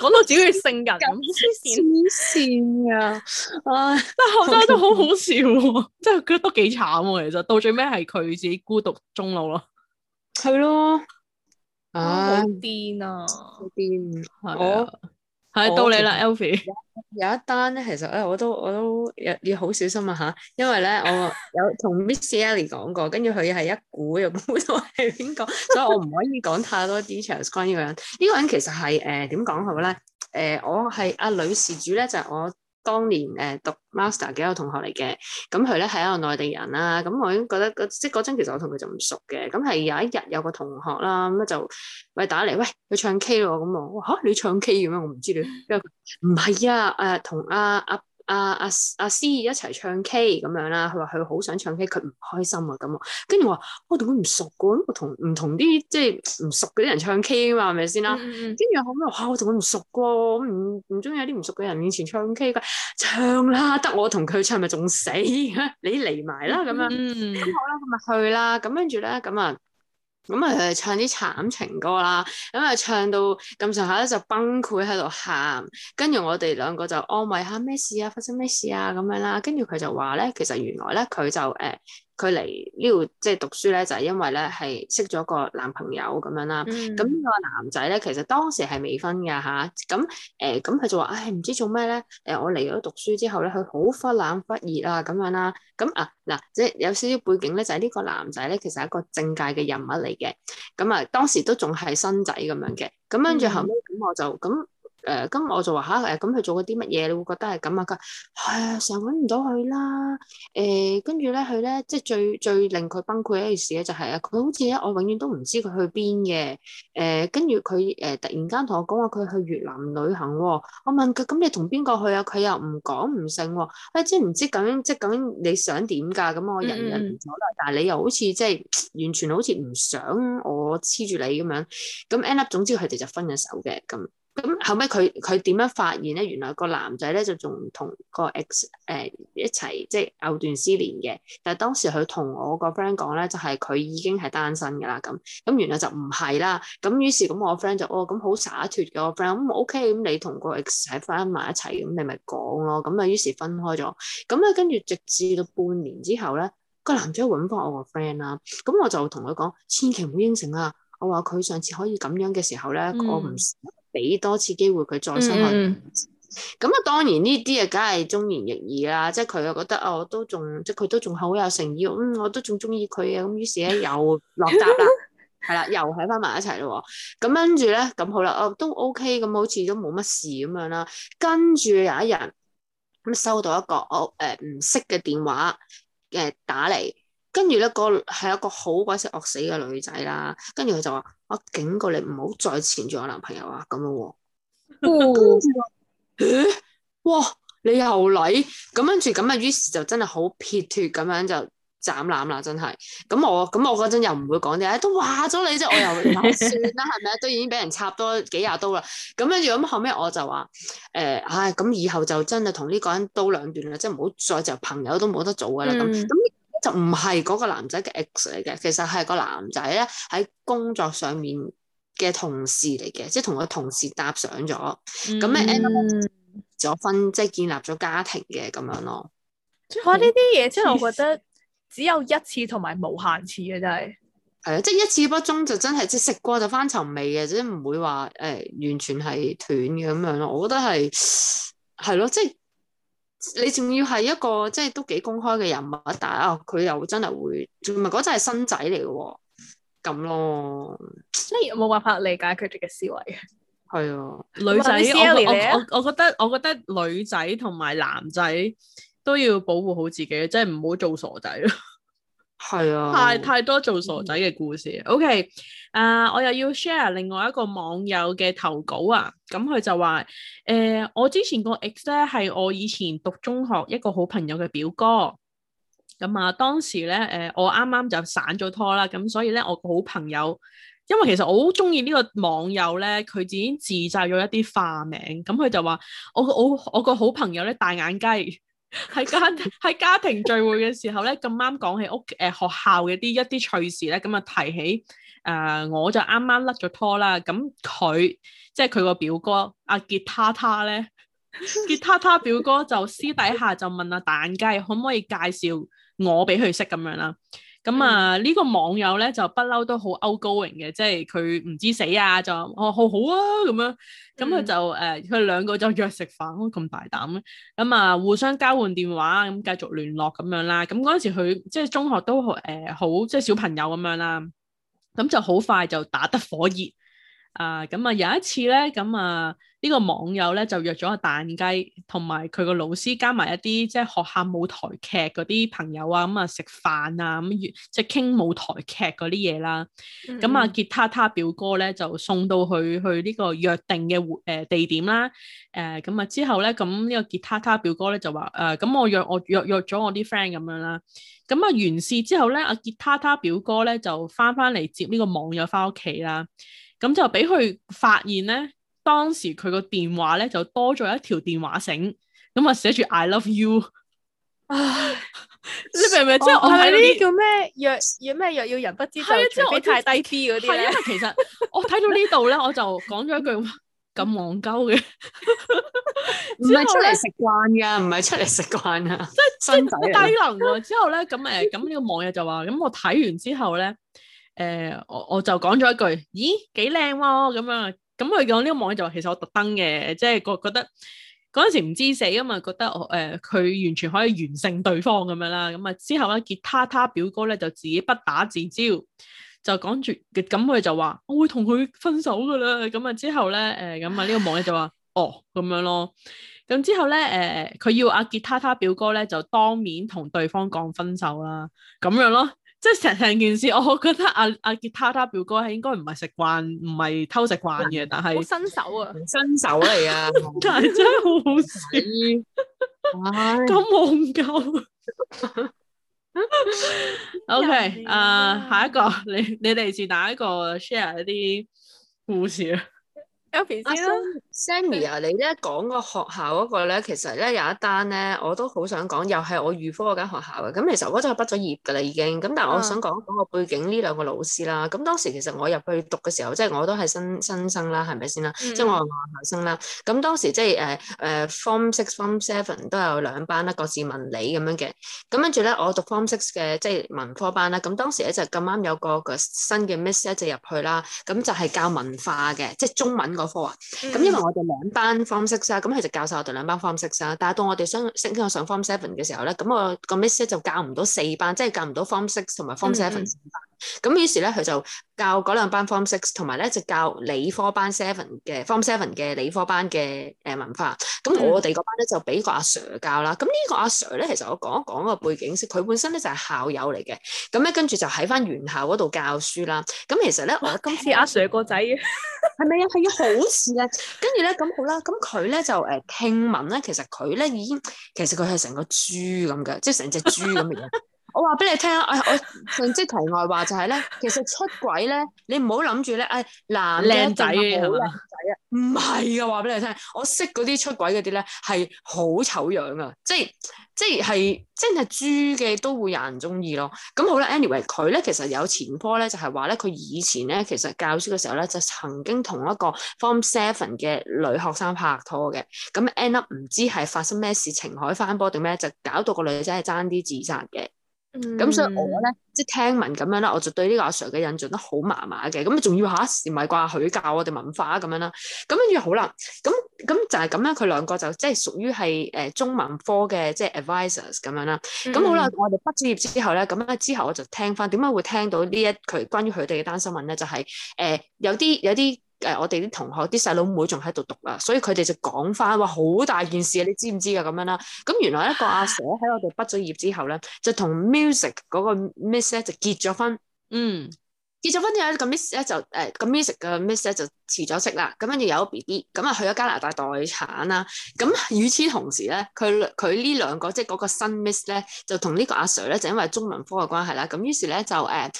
講 *laughs* 到自己好似聖人咁，黐線噶，唉， *laughs* *laughs* 但後生都好好笑，啊，即係覺得幾慘啊，其實到最尾係佢自己孤獨終老咯，係咯了、啊嗯，好癲啊，好癲，係啊。了係對我到你啦，Elfi。e El 有，有一單咧，其實咧，我都我都，我都要好小心啊嚇，因為咧，我有同 Miss Ellie 講過，跟住佢係一股又冇知係邊個， *laughs* 所以我唔可以講太多 details 關於呢個人。呢、這個人其實係誒點講好咧？誒、呃，我係阿女事主咧，就係、我。當年誒讀 master 嘅一個同學嚟嘅，咁佢咧係一個內地人啦，咁、嗯、我已經覺得，即係嗰陣其實我同佢就唔熟嘅，咁、嗯、係有一日有個同學啦，咁、嗯、就喂打嚟，喂佢唱 K 咯，咁、嗯、啊嚇你唱 K 嘅咩？我唔知你，因為唔係啊，誒同阿阿。阿阿阿 C 一齊唱 K 咁樣啦，佢話佢好想唱 K，佢唔開心啊咁啊，跟住我話我同佢唔熟噶，我同唔同啲即係唔熟嗰啲人唱 K 啊嘛，係咪先啦？跟住後尾話我同佢唔熟噶，我唔唔中意喺啲唔熟嘅人面前唱 K 噶，唱啦，得我同佢唱咪仲死， *laughs* 你嚟埋啦咁樣，咁好啦，咁咪去啦，咁跟住咧咁啊。咁佢唱啲慘情歌啦，咁啊唱到咁上下咧就崩潰喺度喊，跟住我哋兩個就安慰下咩事啊，發生咩事啊咁樣啦，跟住佢就話咧，其實原來咧佢就誒。呃。佢嚟呢度即係讀書咧，就係、是、因為咧係識咗個男朋友咁樣啦。咁呢、嗯、個男仔咧，其實當時係未婚嘅吓。咁、啊、誒，咁、呃、佢、嗯、就話，唉、哎，唔知做咩咧。誒、呃，我嚟咗讀書之後咧，佢好忽冷忽熱啊、啊，咁樣啦。咁啊嗱，即、就、係、是、有少少背景咧，就係、是、呢個男仔咧，其實係一個政界嘅人物嚟嘅。咁啊，當時都仲係新仔咁樣嘅。咁跟住後尾，咁我就咁。嗯誒咁，呃、我就話吓誒，咁、啊、佢做過啲乜嘢？你會覺得係咁啊？佢係啊成日揾唔到佢啦。誒、呃，跟住咧，佢咧即係最最令佢崩潰一件事咧、就是，就係啊，佢好似咧，我永遠都唔知佢去邊嘅。誒、呃，跟住佢誒，突然間同我講話，佢去越南旅行喎、哦。我問佢，咁你同邊個去啊？佢又唔講唔聲喎、哦哎。即係唔知咁，即係咁你想點㗎？咁我人人唔咗啦，嗯嗯但係你又好似即係完全好似唔想我黐住你咁樣。咁 end up，總之佢哋就分咗手嘅咁。咁後尾，佢佢點樣發現咧？原來個男仔咧就仲同個 ex 誒、呃、一齊，即係藕斷絲連嘅。但係當時佢同我個 friend 講咧，就係、是、佢已經係單身㗎啦。咁咁原來就唔係啦。咁於是咁我 friend 就哦咁好灑脫嘅我 friend，咁、嗯、OK 咁你同個 ex 喺翻埋一齊，咁你咪講咯。咁啊於是分開咗。咁咧跟住直至到半年之後咧，個男仔揾翻我個 friend 啦。咁我就同佢講，千祈唔好應承啊。我話佢上次可以咁樣嘅時候咧，我唔、嗯。俾多次機會佢再生，咁啊、嗯、當然呢啲啊，梗係忠言逆耳啦，即係佢又覺得啊，我都仲即係佢都仲好有誠意，嗯，我都仲中意佢嘅，咁於是咧又落單啦，係啦， *laughs* 又喺翻埋一齊咯喎，咁跟住咧，咁好啦，哦、啊、都 OK，咁、嗯、好似都冇乜事咁樣啦，跟住有一日，咁收到一個我誒唔、呃、識嘅電話嘅、呃、打嚟。跟住咧，呢個係一個好鬼死惡死嘅女仔啦。跟住佢就話：我警告你唔好再纏住我男朋友啊！咁樣喎、啊哦。哇，你又嚟？咁跟住咁啊，於是就真係好撇脱咁樣就斬纜啦，真係。咁我咁我嗰陣又唔會講啲、哎，都話咗你啫。我又了算啦，係咪 *laughs* 都已經俾人插多幾廿刀啦。咁跟住咁後尾我就話：誒、哎，唉、哎，咁、呃、以後就真係同呢個人刀兩斷啦，即係唔好再就朋友都冇得做噶啦。咁咁、嗯。就唔係嗰個男仔嘅 ex 嚟嘅，其實係個男仔咧，喺工作上面嘅同事嚟嘅，即係同個同事搭上咗，咁咪 e 咗婚，即係、就是、建立咗家庭嘅咁樣咯。嗯、哇！呢啲嘢真係我覺得只有一次同埋無限次嘅，真係。係啊，即係一次不忠就真係即係食過就翻尋味嘅，即唔會話誒、欸、完全係斷嘅咁樣咯。我覺得係係咯，即係。就是你仲要係一個即係都幾公開嘅人物，但係啊佢又真係會，同埋嗰陣係新仔嚟嘅咁咯，即係冇辦法理解佢哋嘅思維。係啊，女仔生我我我，我覺得我覺得女仔同埋男仔都要保護好自己，即係唔好做傻仔咯。係 *laughs* 啊，太太多做傻仔嘅故事。O K、嗯。Okay. 啊！Uh, 我又要 share 另外一個網友嘅投稿啊。咁、嗯、佢就話：誒、呃，我之前個 ex 咧係我以前讀中學一個好朋友嘅表哥。咁、嗯、啊，當時咧，誒、呃，我啱啱就散咗拖啦，咁、嗯、所以咧，我個好朋友，因為其實我好中意呢個網友咧，佢自己自製咗一啲化名。咁、嗯、佢就話：我個我我個好朋友咧，大眼雞喺家喺 *laughs* 家庭聚會嘅時候咧，咁啱講起屋誒、呃、學校嘅啲一啲趣事咧，咁、嗯、啊提起。誒，uh, 我就啱啱甩咗拖啦，咁佢即係佢個表哥阿杰、啊、他他咧，杰 *laughs* 他他表哥就私底下就問阿蛋雞可唔可以介紹我俾佢識咁樣啦。咁、嗯、啊，呢、這個網友咧就不嬲都好 outgoing 嘅，即係佢唔知死啊，就哦好好啊咁樣。咁佢、嗯、就誒，佢、呃、兩個就約食飯，咁大膽咧。咁啊，互相交換電話，咁繼續聯絡咁樣啦。咁嗰陣時佢即係中學都誒、呃、好，即係小朋友咁樣啦。咁就好快就打得火熱。啊，咁啊、uh, 有一次咧，咁啊呢個網友咧就約咗阿蛋雞，同埋佢個老師加埋一啲即係學校舞台劇嗰啲朋友啊，咁、嗯、啊、嗯、食飯啊，咁即係傾舞台劇嗰啲嘢啦。咁啊傑他他表哥咧就送到佢去呢個約定嘅誒地點啦。誒咁啊之後咧，咁呢、這個傑他他表哥咧就話誒咁我約我，我約約咗我啲 friend 咁樣啦。咁啊完事之後咧，阿傑他他表哥咧就翻翻嚟接呢個網友翻屋企啦。咁就俾佢發現咧，當時佢個電話咧就多咗一條電話繩，咁啊寫住 I love you。你明唔明？即係我係咪呢啲叫咩？若要咩若要人不知，即係你太低啲嗰啲咧。 *laughs* 因為其實我睇到呢度咧，我就講咗一句咁戇鳩嘅。唔係 *laughs* 呢出嚟食慣噶，唔係出嚟食慣噶。 *laughs* 真真低能喎！ *laughs* 之後咧咁誒咁呢個網友就話：咁我睇完之後咧。誒、呃，我我就講咗一句，咦，幾靚喎，咁啊，咁佢講呢個網友就，就其實我特登嘅，即係覺覺得嗰陣時唔知死啊嘛，覺得誒佢、呃、完全可以完勝對方咁樣啦，咁啊之後咧杰他他表哥咧就自己不打自招，就講住，咁佢就話我會同佢分手噶啦，咁啊之後咧，誒，咁啊呢個網友就話 *laughs* 哦咁樣咯，咁之後咧，誒、呃，佢要阿杰他他表哥咧就當面同對方講分手啦，咁樣咯。即係成成件事，我覺得阿、啊、阿、啊、吉他他表哥係應該唔係食慣，唔係偷食慣嘅，但係好、啊、新手啊，新手嚟啊，真係真係好好笑，咁憨鳩。 *laughs* *laughs* OK，誒、uh, 哎呀，下一個你你嚟自哪一個 share 一啲故事啊？Ah, Sammy 啊、嗯，你咧講個學校嗰個咧，其實咧有一單咧，我都好想講，又係我預科嗰間學校嘅。咁其實嗰陣係畢咗業噶啦，已經。咁但係我想講嗰個背景，呢兩個老師啦。咁、oh. 當時其實我入去讀嘅時候，即係我都係新新生啦，係咪先啦？Mm. 即係我係外校生啦。咁當時即係誒誒，Form Six、Form Seven 都有兩班啦，各自文理咁樣嘅。咁跟住咧，我讀 Form Six 嘅即係文科班啦。咁當時咧就咁啱有個新嘅 Miss 一直入去啦，咁就係教文化嘅，即係中文。科啊，咁、嗯、因為我哋兩班 form six，咁係就教晒我哋兩班 form six，但係到我哋升升到上 form seven 嘅時候咧，咁我個 miss 就教唔到四班，即、就、係、係、教唔到 form six 同埋 form seven、嗯咁於是咧，佢就教嗰兩班 Form Six，同埋咧就教理科班 Seven 嘅 Form Seven 嘅理科班嘅誒文化。咁我哋嗰班咧就俾個阿 Sir 教啦。咁呢個阿 Sir 咧，其實我講一講個背景先。佢本身咧就係校友嚟嘅。咁咧跟住就喺翻原校嗰度教書啦。咁其實咧，我今次阿 Sir 個仔係咪啊？係 *laughs* *laughs* 好事啊！跟住咧，咁好啦。咁佢咧就誒聽聞咧，其實佢咧已經其實佢係成個豬咁嘅，即係成隻豬咁嘅樣。 *laughs* 我話俾你聽啊！誒，我即題外話就係咧，其實出軌咧，你唔好諗住咧誒男靚仔嘅係仔啊，唔係啊！話俾你聽，我識嗰啲出軌嗰啲咧係好醜樣啊！即即係真係豬嘅都會有人中意咯。咁好啦，anyway 佢咧其實有前科咧，就係話咧佢以前咧其實教書嘅時候咧就曾經同一個 form seven 嘅女學生拍拖嘅。咁 end up 唔知係發生咩事情，海翻波定咩就搞到個女仔係爭啲自殺嘅。咁、嗯、所以我咧即係聽聞咁樣啦，我就對呢個阿 Sir 嘅印象都好麻麻嘅。咁仲要下一時咪係掛許教我哋文化啊咁樣啦。咁跟住好啦。咁咁就係咁啦。佢兩個就即係屬於係誒中文科嘅即係、就是、advisers 咁樣啦。咁好啦，嗯、我哋畢咗業之後咧，咁咧之後我就聽翻點解會聽到呢一佢關於佢哋嘅單新聞咧，就係、是、誒、呃、有啲有啲。有誒，我哋啲同學啲細佬妹仲喺度讀啦，所以佢哋就講翻，哇，好大件事啊！你知唔知啊？咁樣啦，咁原來一個阿 Sir 喺我哋畢咗業之後咧，就同 music 嗰個 miss 咧就結咗婚，嗯，結咗婚之後咧，個 miss 咧就誒，個 music 嘅 miss 咧就辭咗職啦，咁跟住有 B B，咁啊去咗加拿大待產啦，咁與此同時咧，佢佢呢兩個即係嗰個新 miss 咧，就同呢個阿 Sir 咧，就因為中文科嘅關係啦，咁於是咧就誒。呃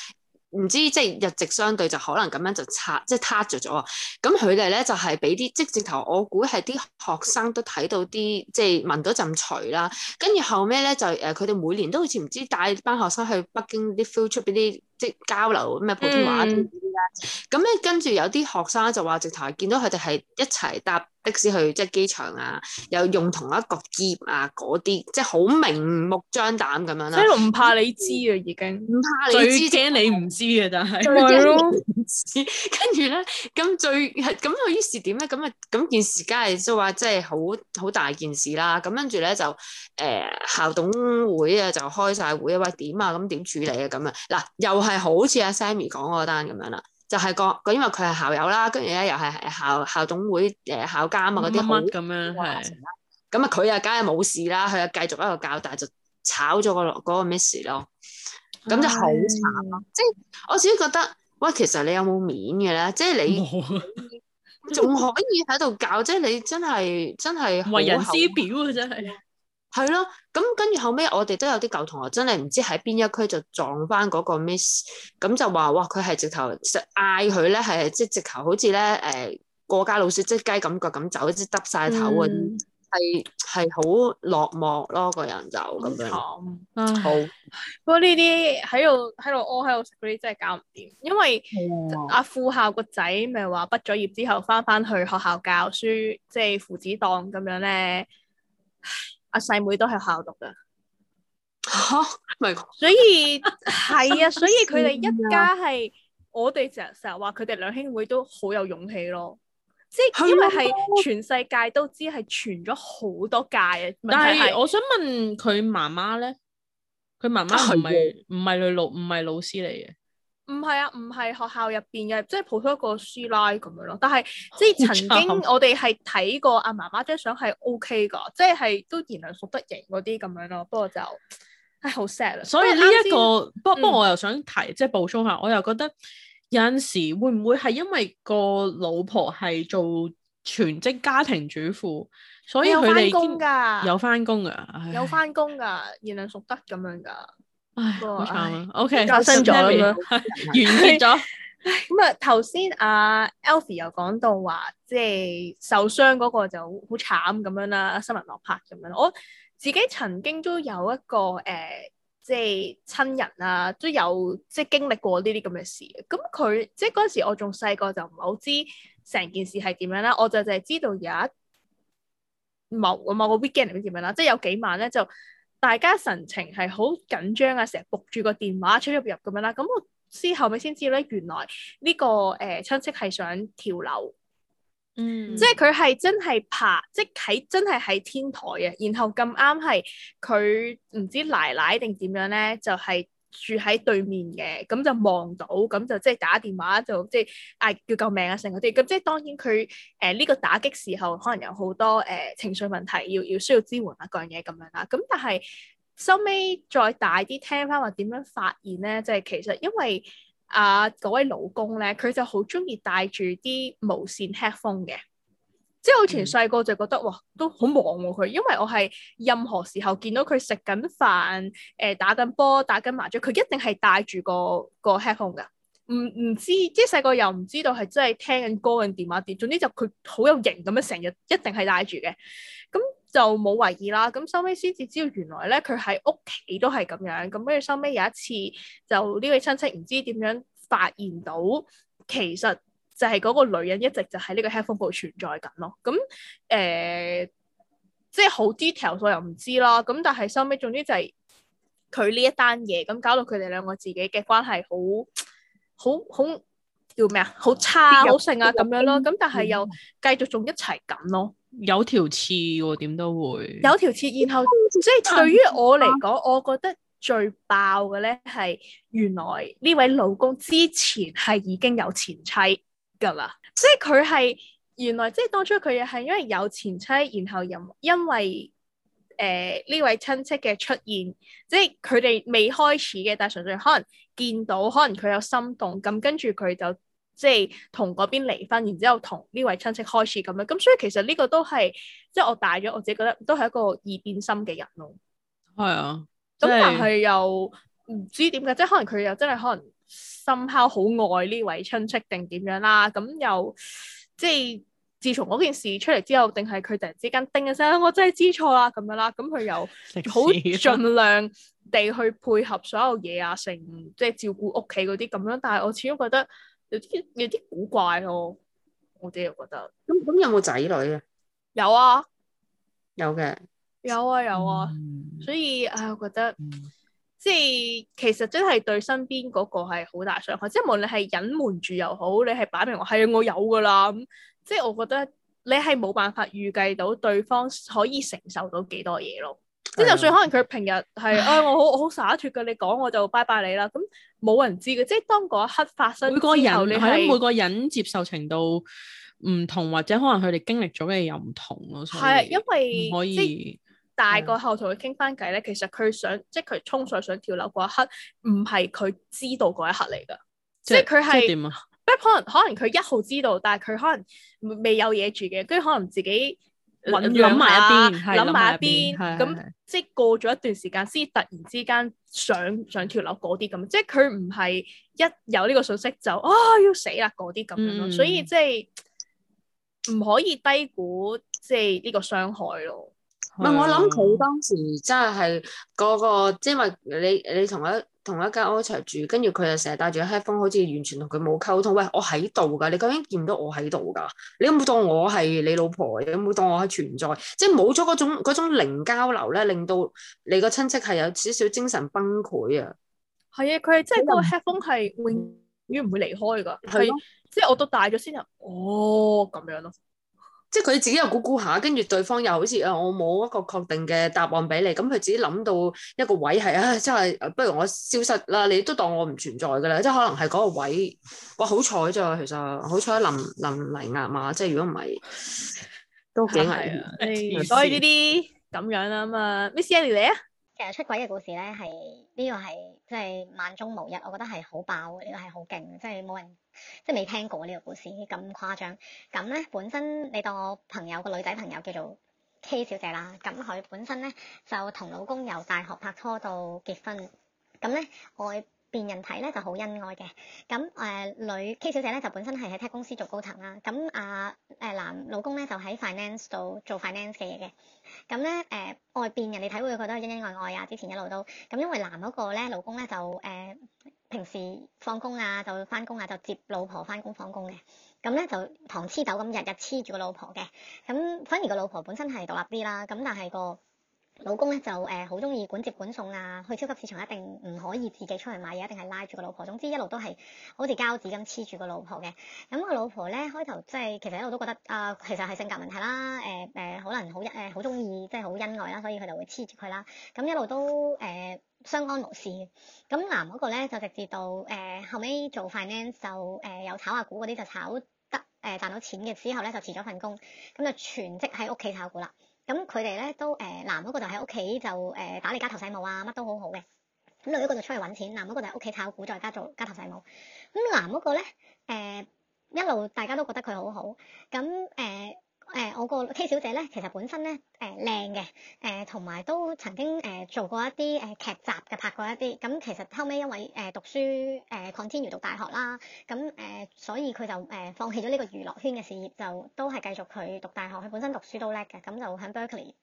唔知即係日值相對就可能咁樣就差即係塌咗咗啊！咁佢哋咧就係俾啲即直頭，我估係啲學生都睇到啲即係聞到陣馴啦，跟住後尾咧就誒，佢哋每年都好似唔知帶班學生去北京啲 field trip 啲即係交流咩普通話咁咧，跟住、嗯、有啲學生就話直頭見到佢哋係一齊搭。去即去即係機場啊，又用同一個夾啊，嗰啲即係好明目張膽咁樣啦。即係唔怕你知啊，已經唔怕你知啫，是你唔知啊，但係了。係咯。 *laughs* 跟住咧，咁最咁佢於是點咧？咁啊，咁件事梗係即係話即係好好大件事啦。咁跟住咧就誒、呃、校董會啊就開晒會啊，話點啊，咁點處理啊，咁啊嗱，又係好似阿 Sammy 講嗰單咁樣啦。就係個，因為佢係校友啦，跟住咧又係校校董會誒校監啊嗰啲咁，咁啊佢啊梗係冇事啦，佢啊繼續喺度教，但係就炒咗個嗰個 miss 咯，咁就好慘咯。的即係我自己覺得，喂，其實你有冇面嘅咧？即係你仲可以喺度教， *laughs* 即係你真係真係為人師表啊！真係。係咯，咁 *noise* 跟住後尾我哋都有啲舊同學，真係唔知喺邊一區就撞翻嗰個 Miss，咁就話哇，佢係直頭嗌佢咧，誒，即係直頭好似咧誒，過街老鼠即雞咁腳咁走，即係耷曬頭，係係好落寞咯，個人就咁樣。嗯嗯、好 *laughs* 不過呢啲喺度喺度屙喺度食嗰啲真係搞唔掂，因為阿、哦啊、副校個仔咪話畢咗業之後翻返去學校教書，即係父子檔咁樣咧。阿細、啊、妹，妹都喺校讀噶，嚇，oh、my 所以係 *laughs* 啊，所以佢哋一家係 *laughs* 我哋成日成日話佢哋兩兄妹都好有勇氣咯，即係因為係全世界都知係傳咗好多屆啊，的但係我想問佢媽媽咧，佢媽媽係咪？唔係女老唔係老師嚟嘅。唔係啊，唔係學校入邊嘅，即係普通一個師奶咁樣咯。但係即係曾經我哋係睇過阿醜媽媽張相係 O K 㗎，即係係都賢良淑德型嗰啲咁樣咯。不過就唉好 sad 啊。所以呢一個、嗯、不不，不，我又想提、嗯、即係補充下，我又覺得有陣時會唔會係因為個老婆係做全職家庭主婦，所以佢哋有返工㗎，有返工㗎，有返工㗎，賢良淑德咁樣㗎。唉，唉好慘啊！O K，加深咗啦，完結咗、 *laughs* 嗯。咁啊，頭先阿 Alfie 又講到話，即、就、係、是、受傷嗰個就好好慘咁樣啦，新聞落拍咁樣。我自己曾經都有一個誒、呃，即係親人啊，都有即係經歷過呢啲咁嘅事嘅。咁佢即係嗰時我仲細個，就唔係好知成件事係點樣啦。我就淨係、是、知道有一某某個 weekend 點樣啦，即係有幾晚咧就。大家神情係好緊張啊，成日撲住個電話出入入咁樣啦。咁我之後尾先知道咧，原來呢、呢個誒、呃、親戚係想跳樓，嗯，即係佢係真係爬，即係喺真係喺天台啊。然後咁啱係佢唔知奶奶定點樣咧，就係、是。住喺對面嘅，咁就望到，咁就即係打電話就，就即係嗌、哎、叫救命啊，成嗰啲。咁即係當然佢誒呢個打擊時候，可能有好多誒、呃、情緒問題，要要需要支援啊，各樣嘢咁樣啦。咁但係收尾再大啲聽返話點樣發現咧，即、就、係、是、其實因為啊嗰、呃、位老公咧，佢就好鍾意戴住啲無線 headphone 嘅。即係好似細個就覺得哇，都好忙喎、啊、佢，因為我係任何時候見到佢食緊飯、誒打緊波、打緊麻雀，佢一定係戴住個個 headphone 㗎。唔唔知即係細個又唔知道係真係聽緊歌定點啊啲。總之就佢好有型咁樣，成日一定係戴住嘅。咁就冇懷疑啦。咁收尾先至知道原來咧，佢喺屋企都係咁樣。咁跟住收尾有一次，就呢位親戚唔知點樣發現到其實。就係嗰個女人一直就喺呢個 headphone 部，存在緊咯，咁誒、呃，即係好 detail 我又唔知啦，咁但係收尾，總之就係佢呢一單嘢，咁搞到佢哋兩個自己嘅關係好好好叫咩啊？好差好性啊咁樣咯，咁但係又繼續仲一齊咁咯。有條刺喎、哦，點都會有條刺。然後即係 *laughs* 對於我嚟講，我覺得最爆嘅咧係原來呢位老公之前係已經有前妻。噶啦，即係佢係原來即係當初佢係因為有前妻，然後又因為誒呢、呃、位親戚嘅出現，即係佢哋未開始嘅，但係純粹可能見到，可能佢有心動，咁跟住佢就即係同嗰邊離婚，然之後同呢位親戚開始咁樣，咁、嗯、所以其實呢個都係即係我大咗我自己覺得都係一個易變心嘅人咯。係啊，咁但係又唔知點解，即係可能佢又真係可能。深口好愛呢位親戚定點樣啦？咁又即係自從嗰件事出嚟之後，定係佢突然之間叮一聲我真係知錯啦咁樣啦？咁佢又好盡量地去配合所有嘢啊，成即係照顧屋企嗰啲咁樣。但係我始終覺得有啲有啲古怪咯、啊，我哋又覺得咁咁有冇仔女啊,的啊？有啊，有嘅、嗯，有啊有啊，所以唉、哎，我覺得。嗯即係其實真係對身邊嗰個係好大傷害，即係無論你係隱瞞住又好，你係擺明話係我有㗎喇，咁即係我覺得你係冇辦法預計到對方可以承受到幾多嘢咯。即係、哎、呀就算可能佢平日係啊、哎呀哎，我好我好灑脱嘅，你講我就拜拜你啦。咁冇人知嘅，即係當嗰一刻發生之後，每個人你係是每個人接受程度唔同，或者可能佢哋經歷咗嘅又唔同咯。係，因為可以。大個後同佢傾翻偈咧，其實佢想即係佢衝上想跳樓嗰一刻，唔係佢知道嗰一刻嚟㗎，即係佢係，不、啊、可能可能佢一號知道，但係佢可能未有嘢住嘅，跟住可能自己諗埋起一邊，諗埋一邊，咁即係過咗一段時間，先突然之間想想跳樓嗰啲咁，即係佢唔係一有呢個信息就啊要死啦嗰啲咁樣，嗯嗯所以即係唔可以低估即係呢個傷害咯。唔係，我諗佢當時真係係嗰個，即係你你同一同一間屋一齊住，跟住佢又成日戴住個 headphone，好似完全同佢冇溝通。喂，我喺度噶，你究竟見唔到我喺度噶？你有冇當我係你老婆？有冇當我係存在？即係冇咗嗰種嗰種零交流咧，令到你個親戚係有少少精神崩潰啊！係啊，佢係即係個 headphone 係永遠唔會離開噶，係即係我到大咗先有。哦，咁樣咯。即係佢自己又估估下，跟住對方又好似誒、啊，我冇一個確定嘅答案俾你，咁佢自己諗到一個位係啊，即係不如我消失啦，你都當我唔存在噶啦，即係可能係嗰個位。哇，好彩咋，其實好彩林林嚟壓嘛，即係如果唔係都幾係的啊。所以呢啲咁樣啦，咁啊、嗯、，Miss Emily 啊。其實出軌嘅故事咧，係呢、這個係即係萬中無一，我覺得係好爆，呢個係好勁，即係冇人。即係未聽過呢個故事咁誇張，咁咧本身你當我朋友個女仔朋友叫做 K 小姐啦，咁佢本身咧就同老公由大學拍拖到結婚，咁咧我。邊人睇咧就好恩愛嘅，咁誒、呃、女 K 小姐咧就本身係喺 tech 公司做高層啦，啊，咁啊誒男老公咧就喺 finance 做做 finance 嘅嘢嘅，咁咧誒外邊人哋睇會佢都係恩恩愛愛啊，之前一路都，咁因為男嗰個咧老公咧就誒、呃、平時放工啊就翻工啊，就，啊就接老婆翻工放工嘅，咁咧就糖黐豆咁日日黐住個老婆嘅，咁反而個老婆本身係獨立啲啦，咁但係個。老公咧就誒好中意管接管送啊，去超級市場一定唔可以自己出去買嘢，一定係拉住個老婆。總之一路都係好似膠紙咁黐住個老婆嘅。咁、嗯、個老婆咧開頭即係其實一路都覺得啊、呃，其實係性格問題啦。誒、呃、誒，可能好誒好中意即係好恩愛啦，所以佢就會黐住佢啦。咁、嗯、一路都誒、呃、相安無事。咁男嗰個咧就直接到誒、呃、後尾做 finance 就誒、呃、有炒下股嗰啲就炒得誒、呃、賺到錢嘅之後咧就辭咗份工，咁就全職喺屋企炒股啦。咁佢哋咧都誒、呃，男嗰個就喺屋企就誒、呃、打理家頭細務啊，乜都好好嘅。咁女嗰個就出去揾錢，男嗰個就喺屋企炒股再加做家頭細務。咁、嗯、男嗰個咧誒、呃，一路大家都覺得佢好好。咁、嗯、誒。呃誒，我個 K 小姐咧，其實本身咧，誒靚嘅，誒同埋都曾經誒做過一啲誒劇集嘅，拍過一啲，咁其實後尾因為誒讀書 Continue 讀大學啦，咁誒所以佢就誒放棄咗呢個娛樂圈嘅事業，就都係繼續佢讀大學。佢本身讀書都叻嘅，咁就喺 Berkeley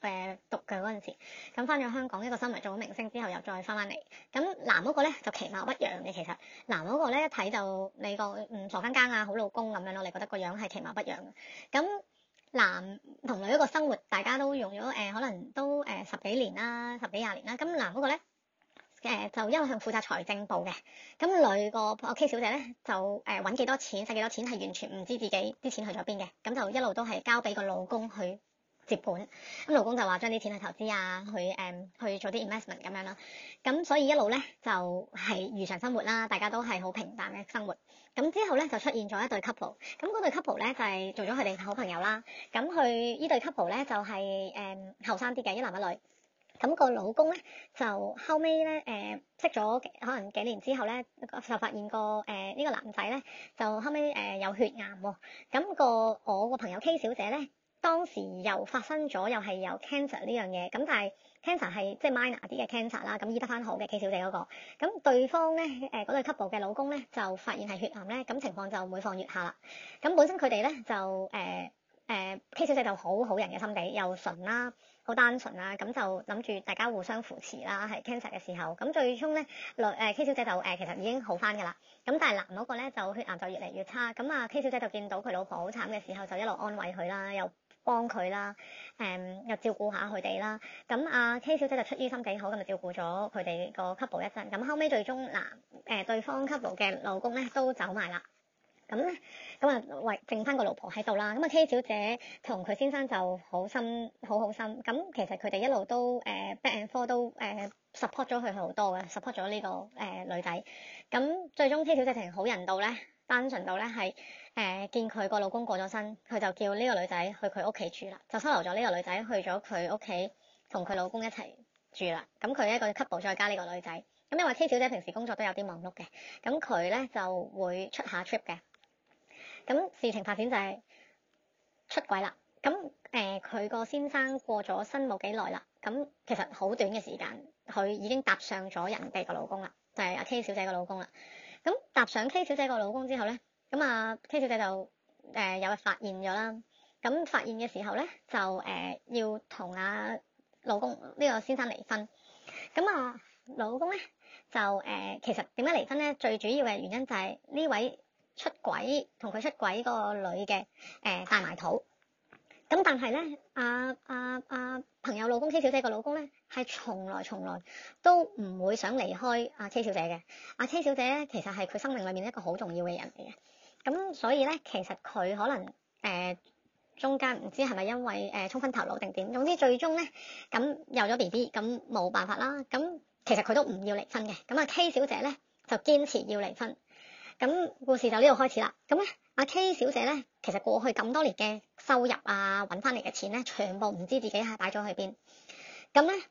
誒讀嘅嗰陣時，咁翻咗香港一個新聞做咗明星之後，又再翻翻嚟。咁男嗰個咧就其貌不揚嘅，其實男嗰個咧一睇就你個嗯傻更更啊，好老公咁樣咯，你覺得個樣係其貌不揚咁。男同女一個生活，大家都用咗誒、呃，可能都誒、呃、十幾年啦，十幾廿年啦。咁男嗰個咧，誒、呃、就一路向負責財政部嘅。咁女個 K 小姐咧，就誒揾幾多錢使幾多錢，係完全唔知自己啲錢去咗邊嘅。咁就一路都係交俾個老公去接盤，咁老公就話將啲錢去投資啊，去誒去做啲 investment 咁樣啦。咁所以一路咧就係日常生活啦，大家都係好平淡嘅生活。咁之後咧就出現咗一對 couple，咁嗰對 couple 咧就係做咗佢哋好朋友啦。咁佢呢對 couple 咧就係誒後生啲嘅，一男一女。咁個老公咧就後尾咧誒識咗可能幾年之後咧就發現個誒呢個男仔咧就後尾誒有血癌喎。咁個我個朋友 K 小姐咧。當時又發生咗，又係有 cancer 呢樣嘢，咁但係 cancer 係即係 minor 啲嘅 cancer 啦，咁醫得翻好嘅 K 小姐嗰、那個，咁對方咧誒嗰對 couple 嘅老公咧就發現係血癌咧，咁情況就每況愈下啦。咁本身佢哋咧就誒誒、呃呃、K 小姐就好好人嘅心地，又純啦，好單純啦，咁就諗住大家互相扶持啦，係 cancer 嘅時候，咁最終咧女 K 小姐就誒、呃、其實已經好翻㗎啦，咁但係男嗰個咧就血癌就越嚟越差，咁啊 K 小姐就見到佢老婆好慘嘅時候，就一路安慰佢啦，又。幫佢啦，誒、嗯、又照顧下佢哋啦。咁阿 K 小姐就出於心地好，咁就照顧咗佢哋個 couple 一陣。咁後尾最終嗱誒、呃、對方 couple 嘅老公咧都走埋啦。咁咧咁啊，喂剩返個老婆喺度啦。咁啊 K 小姐同佢先生就好心好好心。咁其實佢哋一路都誒、呃、back and forth 都誒、呃、support 咗佢好多嘅 support 咗呢、這個誒、呃、女仔。咁最終 K 小姐庭好人道咧，單純到咧係。誒、呃、見佢個老公過咗身，佢就叫呢個女仔去佢屋企住啦，就收留咗呢個女仔去咗佢屋企同佢老公一齊住啦。咁、嗯、佢一個 couple 再加呢個女仔。咁、嗯、因為 K 小姐平時工作都有啲忙碌嘅，咁佢咧就會出下 trip 嘅。咁、嗯、事情發展就係出軌啦。咁、嗯、誒，佢、呃、個先生過咗身冇幾耐啦，咁、嗯、其實好短嘅時間，佢已經搭上咗人哋個老公啦，就係、是、阿 K 小姐個老公啦。咁、嗯、搭上 K 小姐個老公之後咧。咁啊，K 小姐就誒、呃，有發現咗啦。咁發現嘅時候咧，就誒、呃、要同阿、啊、老公呢、呢個先生離婚。咁啊，老公咧就誒、呃、其實點解離婚咧？最主要嘅原因就係呢位出軌同佢出軌嗰個女嘅誒大埋肚。咁但係咧，阿阿阿朋友老公 K 小姐嘅老公咧，係從來從來都唔會想離開阿 K 小姐嘅。阿、啊、K 小姐咧，其實係佢生命裏面一個好重要嘅人嚟嘅。咁所以咧，其實佢可能誒、呃、中間唔知係咪因為誒衝昏頭腦定點，總之最終咧，咁有咗 B B，咁冇辦法啦。咁其實佢都唔要離婚嘅。咁啊 K 小姐咧就堅持要離婚。咁故事就呢度開始啦。咁咧，阿 K 小姐咧，其實過去咁多年嘅收入啊，揾翻嚟嘅錢咧，全部唔知自己係擺咗去邊。咁咧，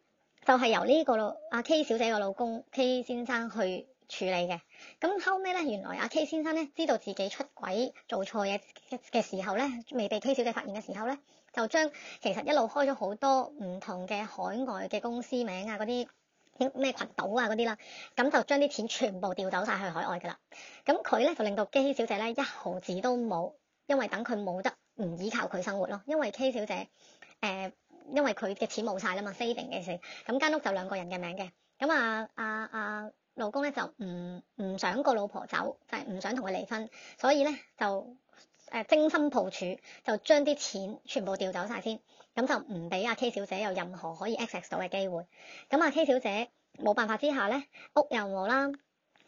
就係、是、由呢、這個阿、啊、K 小姐嘅老公 K 先生去處理嘅，咁後尾咧，原來阿 K 先生咧知道自己出軌做錯嘢嘅時候咧，未被 K 小姐發現嘅時候咧，就將其實一路開咗好多唔同嘅海外嘅公司名啊，嗰啲咩群島啊嗰啲啦，咁就將啲錢全部調走晒去海外噶啦。咁佢咧就令到 K 小姐咧一毫子都冇，因為等佢冇得唔依靠佢生活咯。因為 K 小姐誒、呃，因為佢嘅錢冇晒啦嘛，saving 嘅事。咁間屋就兩個人嘅名嘅，咁啊啊啊～啊啊老公咧就唔唔想個老婆走，就係、是、唔想同佢離婚，所以咧就誒、呃、精心部署，就將啲錢全部調走晒先，咁就唔俾阿 K 小姐有任何可以 access 到嘅機會。咁阿 K 小姐冇辦法之下咧，屋又冇啦，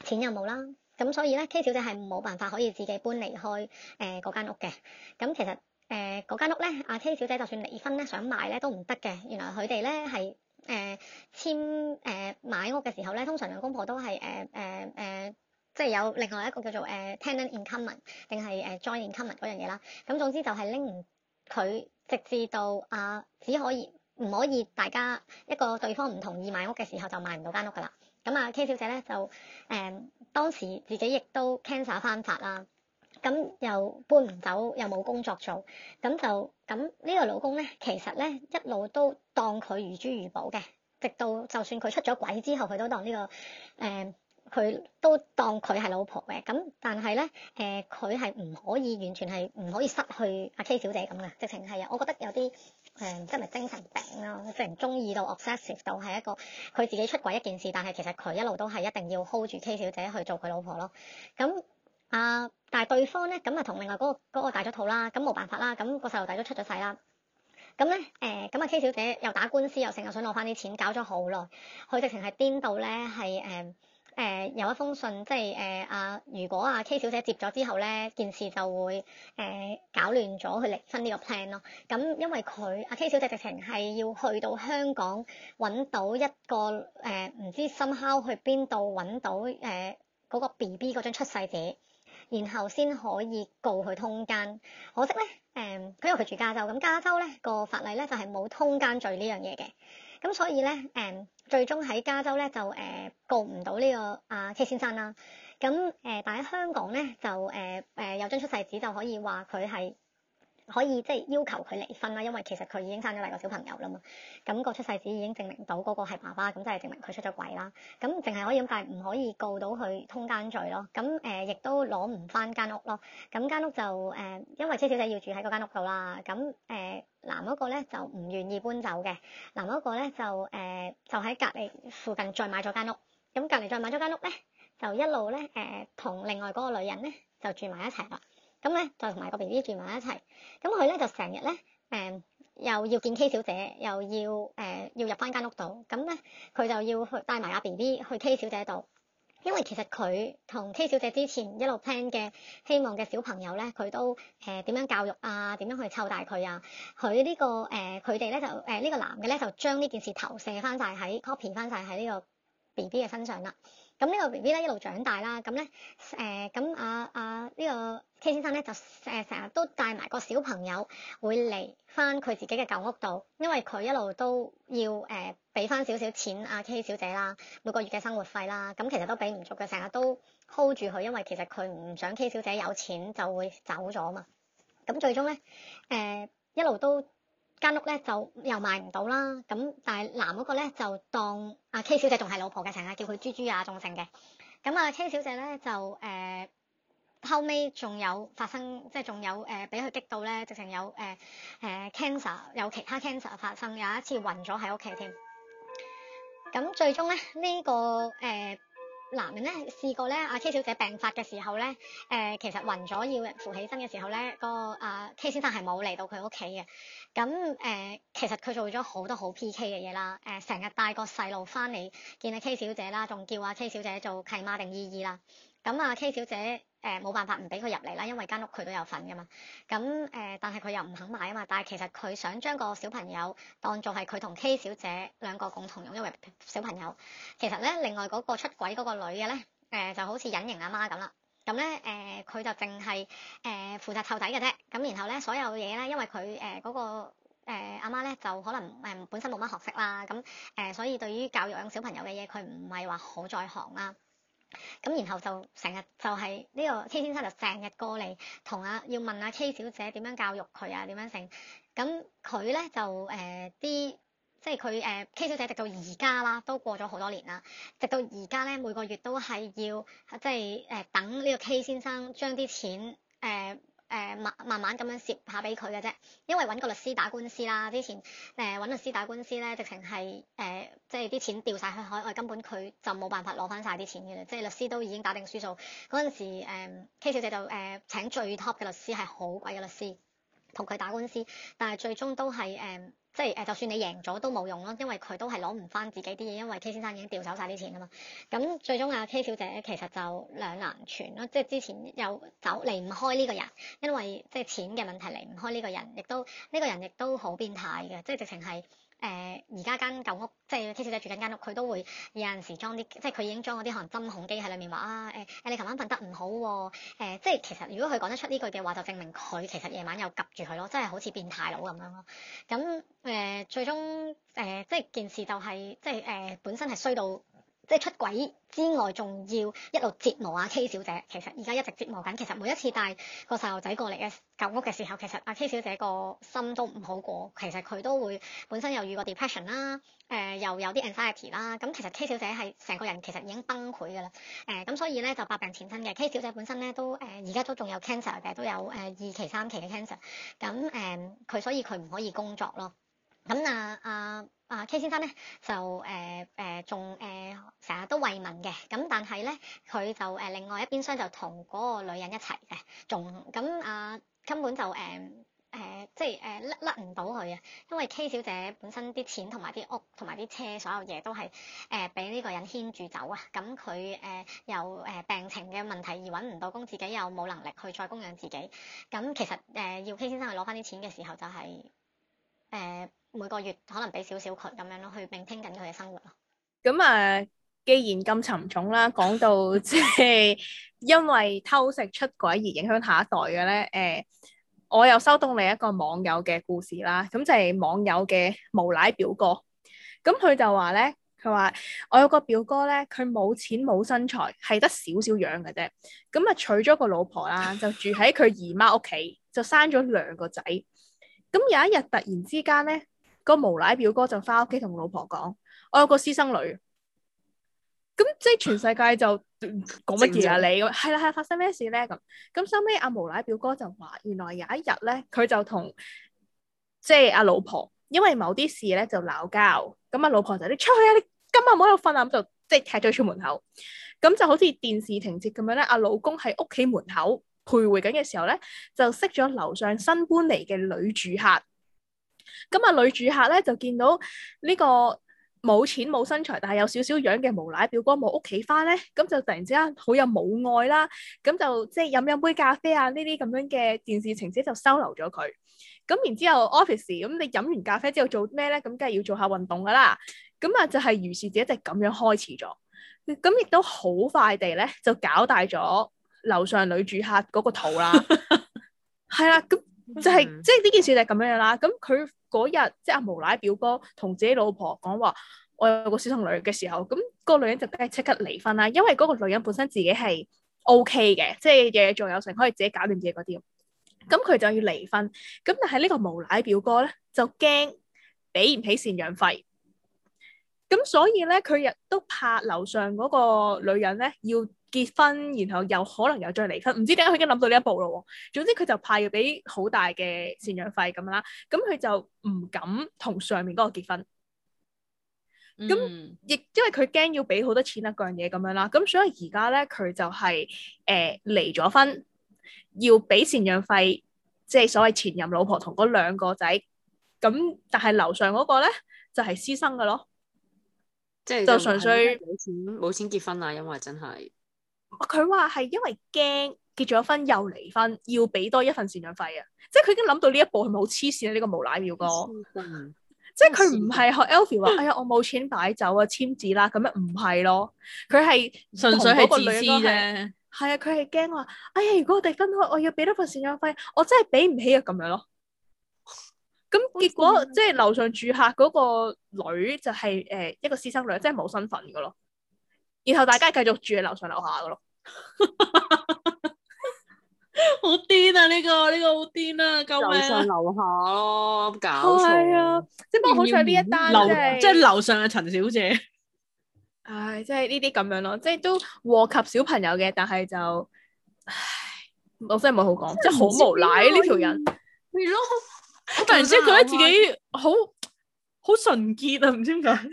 錢又冇啦，咁所以咧 K 小姐係冇辦法可以自己搬離開誒嗰、呃、間屋嘅。咁其實誒嗰、呃、間屋咧，阿 K 小姐就算離婚咧，想賣咧都唔得嘅。原來佢哋咧係。誒、呃、簽誒、呃、買屋嘅時候咧，通常兩公婆都係誒誒誒，即係有另外一個叫做誒、呃、tenant in common 定係誒、呃、joint in common 嗰樣嘢啦。咁總之就係拎唔佢，直至到啊、呃、只可以唔可以大家一個對方唔同意買屋嘅時候就買唔到間屋㗎啦。咁啊 K 小姐咧就誒、呃、當時自己亦都 cancel 翻法啦。咁又搬唔走，又冇工作做，咁就咁呢個老公呢，其實呢一路都當佢如珠如寶嘅，直到就算佢出咗軌之後，佢都當呢個誒佢、呃、都當佢係老婆嘅。咁但係呢，誒佢係唔可以完全係唔可以失去阿 K 小姐咁嘅，直情係啊！我覺得有啲誒即係精神病咯、啊，直情中意到 obsessive 到係一個佢自己出軌一件事，但係其實佢一路都係一定要 hold 住 K 小姐去做佢老婆咯。咁啊！但係對方咧，咁啊同另外嗰、那個大咗、那個、肚啦，咁、啊、冇辦法啦，咁、啊那個細路仔都出咗世啦。咁、啊、咧，誒、啊，咁啊 K 小姐又打官司，又成日想攞翻啲錢，搞咗好耐。佢直情係顛到咧？係誒誒有一封信，即係誒啊，啊！如果阿、啊、K 小姐接咗之後咧，件事就會誒、啊、搞亂咗佢離婚呢個 plan 咯。咁、啊啊、因為佢阿、啊、K 小姐直情係要去到香港揾到一個誒唔、啊、知深烤去邊度揾到誒嗰、啊那個 B B 嗰張出世紙。然後先可以告佢通奸，可惜咧，佢、嗯、因為佢住加州，咁加州咧個法例咧就係冇通奸罪呢樣嘢嘅，咁所以咧，誒、嗯，最終喺加州咧就誒、呃、告唔到呢個阿 K 先生啦，咁誒、呃，但喺香港咧就誒誒、呃、有張出世紙就可以話佢係。可以即係、就是、要求佢離婚啦，因為其實佢已經生咗兩個小朋友啦嘛，咁、那個出世紙已經證明到嗰個係爸爸，咁即係證明佢出咗軌啦。咁淨係可以，但係唔可以告到佢通奸罪咯。咁誒，亦、呃、都攞唔翻間屋咯。咁間屋就誒、呃，因為車小，小姐要住喺嗰間屋度啦。咁誒、呃，男嗰個咧就唔願意搬走嘅。男嗰個咧就誒，就喺、呃、隔離附近再買咗間屋。咁隔離再買咗間屋咧，就一路咧誒，同、呃、另外嗰個女人咧就住埋一齊啦。咁咧，就同埋個 B B 住埋一齊。咁佢咧就成日咧，誒、呃、又要見 K 小姐，又要誒、呃、要入翻間屋度。咁咧，佢就要去帶埋阿 B B 去 K 小姐度。因為其實佢同 K 小姐之前一路 plan 嘅希望嘅小朋友咧，佢都誒點樣教育啊，點樣去湊大佢啊。佢呢個誒，佢哋咧就誒呢個男嘅咧，就將呢件事投射翻晒喺 copy 翻晒喺呢個 B B 嘅身上啦。咁呢個 B B 咧一路長大啦，咁咧誒，咁阿阿呢個 K 先生咧就誒成日都帶埋個小朋友會嚟翻佢自己嘅舊屋度，因為佢一路都要誒俾翻少少錢阿、啊、K 小姐啦，每個月嘅生活費啦，咁其實都俾唔足嘅，成日都 hold 住佢，因為其實佢唔想 K 小姐有錢就會走咗嘛。咁最終咧誒一路都～間屋咧就又賣唔到啦，咁但係男嗰個咧就當阿 K 小姐仲係老婆嘅，成日叫佢豬豬啊，仲成嘅。咁啊，K 小姐咧就誒、呃、後尾仲有發生，即係仲有誒俾佢激到咧，直情有誒誒 cancer 有其他 cancer 發生，有一次暈咗喺屋企添。咁最終咧呢、呢個誒。呃男人咧試過咧，阿 K 小姐病發嘅時候咧，誒、呃、其實暈咗要扶起身嘅時候咧，個啊 K 先生係冇嚟到佢屋企嘅。咁誒、呃，其實佢做咗好多好 P K 嘅嘢啦，誒成日帶個細路翻嚟見阿 K 小姐啦，仲叫阿 K 小姐做契媽定姨姨啦。咁啊，K 小姐。誒冇辦法唔俾佢入嚟啦，因為間屋佢都有份㗎嘛。咁誒、呃，但係佢又唔肯買啊嘛。但係其實佢想將個小朋友當做係佢同 K 小姐兩個共同擁有，因為小朋友其實咧，另外嗰個出軌嗰個女嘅咧，誒、呃、就好似隱形阿媽咁啦。咁咧誒，佢、呃、就淨係誒負責湊仔嘅啫。咁然後咧，所有嘢咧，因為佢誒嗰個阿媽咧，就可能誒本身冇乜學識啦。咁誒、呃，所以對於教育養小朋友嘅嘢，佢唔係話好在行啦。咁然後就成日就係、是、呢、這個 K 先生就成日過嚟同啊要問啊 K 小姐點樣教育佢啊點樣成，咁佢咧就誒啲、呃、即係佢誒 K 小姐直到而家啦，都過咗好多年啦，直到而家咧每個月都係要即係誒、呃、等呢個 K 先生將啲錢誒。呃誒、嗯、慢慢慢咁樣蝕下俾佢嘅啫，因為揾個律師打官司啦。之前誒揾、嗯、律師打官司呢，直情係誒，即係啲錢掉晒去海外，根本佢就冇辦法攞翻晒啲錢嘅啦。即係律師都已經打定輸數，嗰陣時、嗯、K 小姐就誒、嗯、請最 top 嘅律師，係好貴嘅律師同佢打官司，但係最終都係誒。嗯即係誒，就算你贏咗都冇用咯，因為佢都係攞唔返自己啲嘢，因為 K 先生已經掉走晒啲錢㗎嘛。咁最終阿 K 小姐其實就兩難全咯，即係之前有走離唔開呢個人，因為即係錢嘅問題離唔開呢個人，亦都呢個人亦都好變態嘅，即係直情係。誒而家間舊屋，即係 K 小姐住緊間屋，佢都會有陣時裝啲，即係佢已經裝咗啲可能針孔機喺裏面，話啊誒誒、啊，你琴晚瞓得唔好喎、啊呃，即係其實如果佢講得出呢句嘅話，就證明佢其實夜晚又及住佢咯，即係好似變態佬咁樣咯。咁誒、呃、最終誒、呃、即係件事就係、是、即係誒、呃、本身係衰到。即係出軌之外，仲要一路折磨阿、啊、K 小姐。其實而家一直折磨緊。其實每一次帶個細路仔過嚟嘅舊屋嘅時候，其實阿 K 小姐個心都唔好過。其實佢都會本身又遇過 depression 啦，誒、呃、又有啲 anxiety 啦。咁其實 K 小姐係成個人其實已經崩潰㗎啦。誒、呃、咁所以咧就百病前身百病纏身嘅。K 小姐本身咧都誒而家都仲有 cancer 嘅，都有誒、呃、二期三期嘅 cancer、嗯。咁誒佢所以佢唔可以工作咯。咁、嗯、啊啊～啊啊、uh, K 先生咧就誒誒仲誒成日都慰問嘅，咁但係咧佢就誒、呃、另外一邊廂就同嗰個女人一齊嘅，仲咁啊根本就誒誒、呃、即係誒甩甩唔到佢啊，因為 K 小姐本身啲錢同埋啲屋同埋啲車所有嘢都係誒俾呢個人牽住走啊，咁佢誒又誒、呃、病情嘅問題而揾唔到工，自己又冇能力去再供養自己，咁其實誒、呃、要 K 先生去攞返啲錢嘅時候就係、是。誒，每個月可能俾少少佢咁樣咯，去聆聽緊佢嘅生活咯。咁啊，既然咁沉重啦，講 *laughs* 到即係因為偷食出軌而影響下一代嘅，咧，誒、嗯，我又收到你一個網友嘅故事啦。咁就係網友嘅無賴表哥，咁佢就話咧，佢話，我有個表哥咧，佢冇錢冇身材，係得少少樣嘅啫。咁啊，娶咗個老婆啦，就住喺佢姨媽屋企，就生咗兩個仔。咁有一日突然之間咧，個無賴表哥就翻屋企同老婆講：我有個私生女。咁即係全世界就講乜嘢啊你？你係啦係啦，發生咩事咧？咁咁收尾阿無賴表哥就話：原來有一日咧，佢就同即係阿、啊、老婆因為某啲事咧就鬧交。咁啊老婆就你出去啊！你今晚冇喺度瞓啊！咁就即係踢咗出門口。咁就好似電視情節咁樣咧，阿、啊、老公喺屋企門口徘徊緊嘅時候咧，就識咗樓上新搬嚟嘅女住客。咁、嗯、啊，女住客咧就見到呢個冇錢冇身材但係有少少樣嘅無賴表哥冇屋企翻咧，咁、嗯、就突然之間好有母愛啦。咁、嗯、就即係飲飲杯咖啡啊，呢啲咁樣嘅電視情節就收留咗佢。咁、嗯、然之後 office，咁、嗯、你飲完咖啡之後做咩咧？咁梗係要做下運動噶啦。咁、嗯、啊，就係、是、如是者，自己就咁樣開始咗。咁、嗯、亦、嗯、都好快地咧就搞大咗。樓上女住客嗰個圖啦，係啦， *laughs* 咁就係即係呢件事就係咁樣啦。咁佢嗰日即係無賴表哥同自己老婆講話，我有個小童女嘅時候，咁個女人就梗係即刻離婚啦。因為嗰個女人本身自己係 O K 嘅，即係嘢仲有成可以自己搞掂自己嗰啲。咁佢就要離婚，咁但係呢個無賴表哥咧就驚俾唔起贍養費，咁所以咧佢亦都怕樓上嗰個女人咧要，結婚，然後又可能又再離婚，唔知點解佢已經諗到呢一步咯。總之佢就怕要俾好大嘅贍養費咁啦，咁佢就唔敢同上面嗰個結婚。咁、嗯、亦因為佢驚要俾好多錢啊，嗰樣嘢咁樣啦，咁所以而家咧佢就係誒離咗婚，要俾贍養費，即係所謂前任老婆同嗰兩個仔。咁但係樓上嗰個咧就係私生嘅咯，即係就純粹冇錢冇錢結婚啊，因為真係。佢話係因為驚結咗婚又離婚要俾多一份贍養費啊！即係佢已經諗到呢一步係咪好黐線啊？是是呢、呢個無賴妙哥，即係佢唔係學 Alfie 話：哎呀，我冇錢擺酒啊，簽字啦咁樣唔係咯。佢係純粹係自私啫。係啊，佢係驚話：哎呀，如果我哋分開，我要俾多份贍養費，我真係俾唔起啊！咁樣咯。咁結果即係樓上住客嗰個女就係、是、誒、呃、一個私生女，即係冇身份嘅咯。然後大家繼續住喺樓上樓下噶咯， *laughs* *laughs* 好癲啊！呢、這個呢、這個好癲啊！救命、啊！樓上樓下咯，搞錯啊！即係不過好彩呢一單、就是、即係即係樓上嘅陳小姐，唉、 *laughs* 哎就是，即係呢啲咁樣咯，即係都禍及小朋友嘅，但係就唉，我真係冇好講，即係好無賴呢條人，係我突然之間覺得自己好好純潔啊，唔知點解。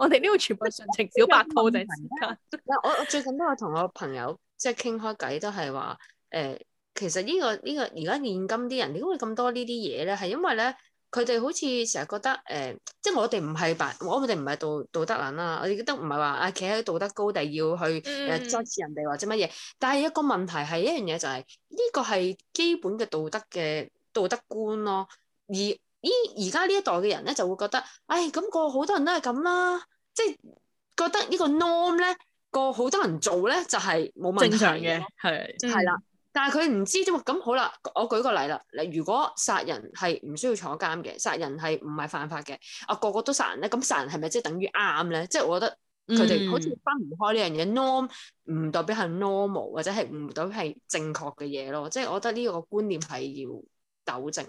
*music* 我哋呢度全部係純情小白兔仔、嗯。係、嗯？嗱， *laughs* 我我最近都有同我朋友即係傾開偈，就是、都係話誒，其實、這個這個、現現呢個呢個而家現今啲人點解會咁多呢啲嘢咧？係因為咧，佢哋好似成日覺得誒、呃，即係我哋唔係白，我哋唔係道道德人啦、啊，我哋覺得唔係話啊，企喺道德高地要去誒阻止人哋或者乜嘢。嗯、但係一個問題係一樣嘢就係、是、呢、這個係基本嘅道德嘅道德觀咯，而。依而家呢一代嘅人咧，就會覺得，唉，咁個好多人都係咁啦，即係覺得呢個 norm 咧，個好多人做咧就係冇問題嘅，係係啦。的嗯、但係佢唔知啫嘛。咁好啦，我舉個例啦。例如，如果殺人係唔需要坐監嘅，殺人係唔係犯法嘅？啊，個個都殺人咧，咁殺人係咪即係等於啱咧？即係我覺得佢哋好似分唔開呢樣嘢。嗯、norm 唔代表係 normal 或者係唔代表係正確嘅嘢咯。即係我覺得呢個觀念係要糾正。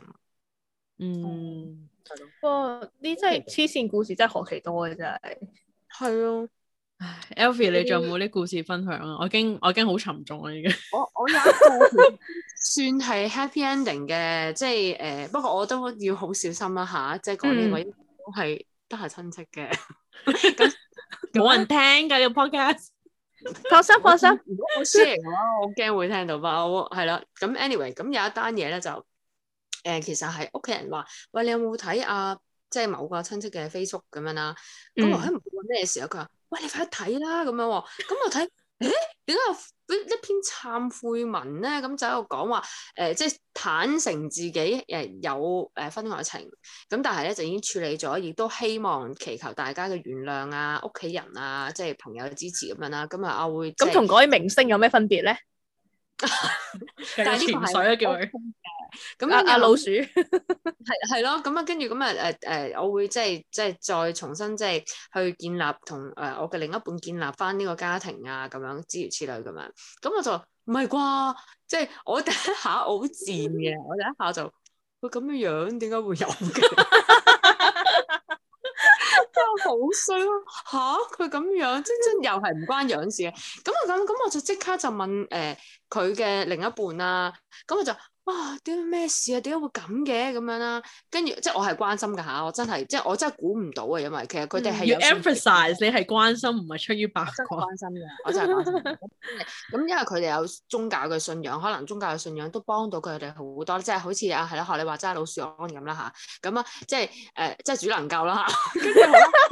嗯，不過呢真係黐線故事，真係何其多嘅，真係。係咯，Elfi，你仲有冇啲故事分享啊？我已經我已經好沉重啦，已經。我我有一個算係 happy ending 嘅，即係誒，不過我都要好小心一下，即係講呢個都係都係親戚嘅，咁冇人聽噶呢個 podcast。放心放心，如果黐型嘅話，我好驚會聽到吧。我係啦，咁 anyway，咁有一單嘢咧就。誒、呃，其實係屋企人話，喂，你有冇睇阿即係某個親戚嘅 Facebook 咁樣啦？咁、嗯、我喺唔問咩時候？佢話：，喂，你快啲睇啦！咁樣喎、哦，咁我睇，誒，點解有一篇懺悔文咧？咁就喺度講話，誒、呃，即係坦誠自己，誒、呃，有誒婚外情，咁但係咧就已經處理咗，亦都希望祈求大家嘅原諒啊，屋企人啊，即係朋友嘅支持咁樣啦。咁啊，我會咁同嗰啲明星有咩分別咧？帶潛 *laughs* 水啊，叫佢。咁樣啊老鼠係係咯，咁啊，跟住咁啊，誒誒、呃，我會即係即係再重新即係去建立同誒、呃、我嘅另一半建立返呢個家庭啊，咁樣諸如此類咁樣樣，咁、嗯、 *laughs* 我就唔係啩？即係、就是、我第一下好賤嘅，我第一下就佢咁嘅樣，點解會有嘅？真係好衰咯，吓佢咁樣，真真又係唔關樣事嘅。咁我咁，咁我就即刻就問誒佢嘅另一半啦，咁我就。嗯 *laughs* 哇！點咩、啊、事啊？點解會咁嘅咁樣啦、啊？跟住、啊、即係我係關心嘅吓、啊，我真係即係我真係估唔到啊！因為其實佢哋係要 emphasize 你係關心，唔係出於八卦關心嘅、啊。我真係關心。咁因為佢哋有宗教嘅信仰，可能宗教嘅信仰都幫到佢哋好多。即係好似啊，係咯，學你話齋老鼠安咁啦吓，咁啊，即係誒、呃，即係主能救啦。 *laughs* 後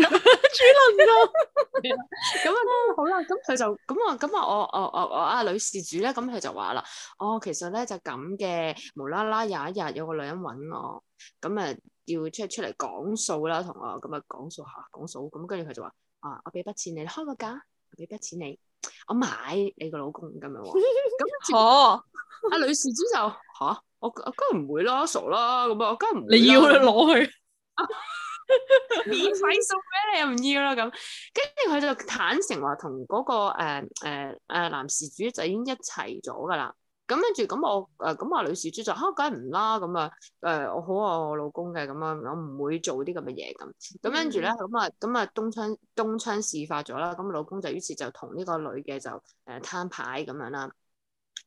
*laughs* *laughs* 主任咯，咁、呃呃、 *laughs* 啊，好、啊啊、 *laughs* 啦，咁佢就咁啊，咁啊，我我我我阿女事主咧，咁佢就話啦，哦，其實咧就咁嘅，無啦啦有一日有個女人揾我，咁啊要出出嚟講數啦，同我咁啊講數下講數，咁跟住佢就話啊，我俾筆錢你開個價，俾筆錢你，我買你個老公咁樣喎，咁哦，阿女事主就吓，我我根本唔會啦傻啦，咁啊，我根本唔，你要你攞去。 *laughs* 免費 *laughs* 送俾你，又唔要啦咁，跟住佢就坦誠話同嗰個誒誒誒男事主就已經一齊咗噶啦，咁跟住咁我誒咁話女事主就吓，梗係唔啦，咁、呃、啊誒我好愛、啊、我老公嘅。咁啊我唔會做啲咁嘅嘢咁，咁跟住咧咁啊咁啊東窗東窗事發咗啦，咁老公就於是就同呢個女嘅就誒、呃、攤牌咁樣啦。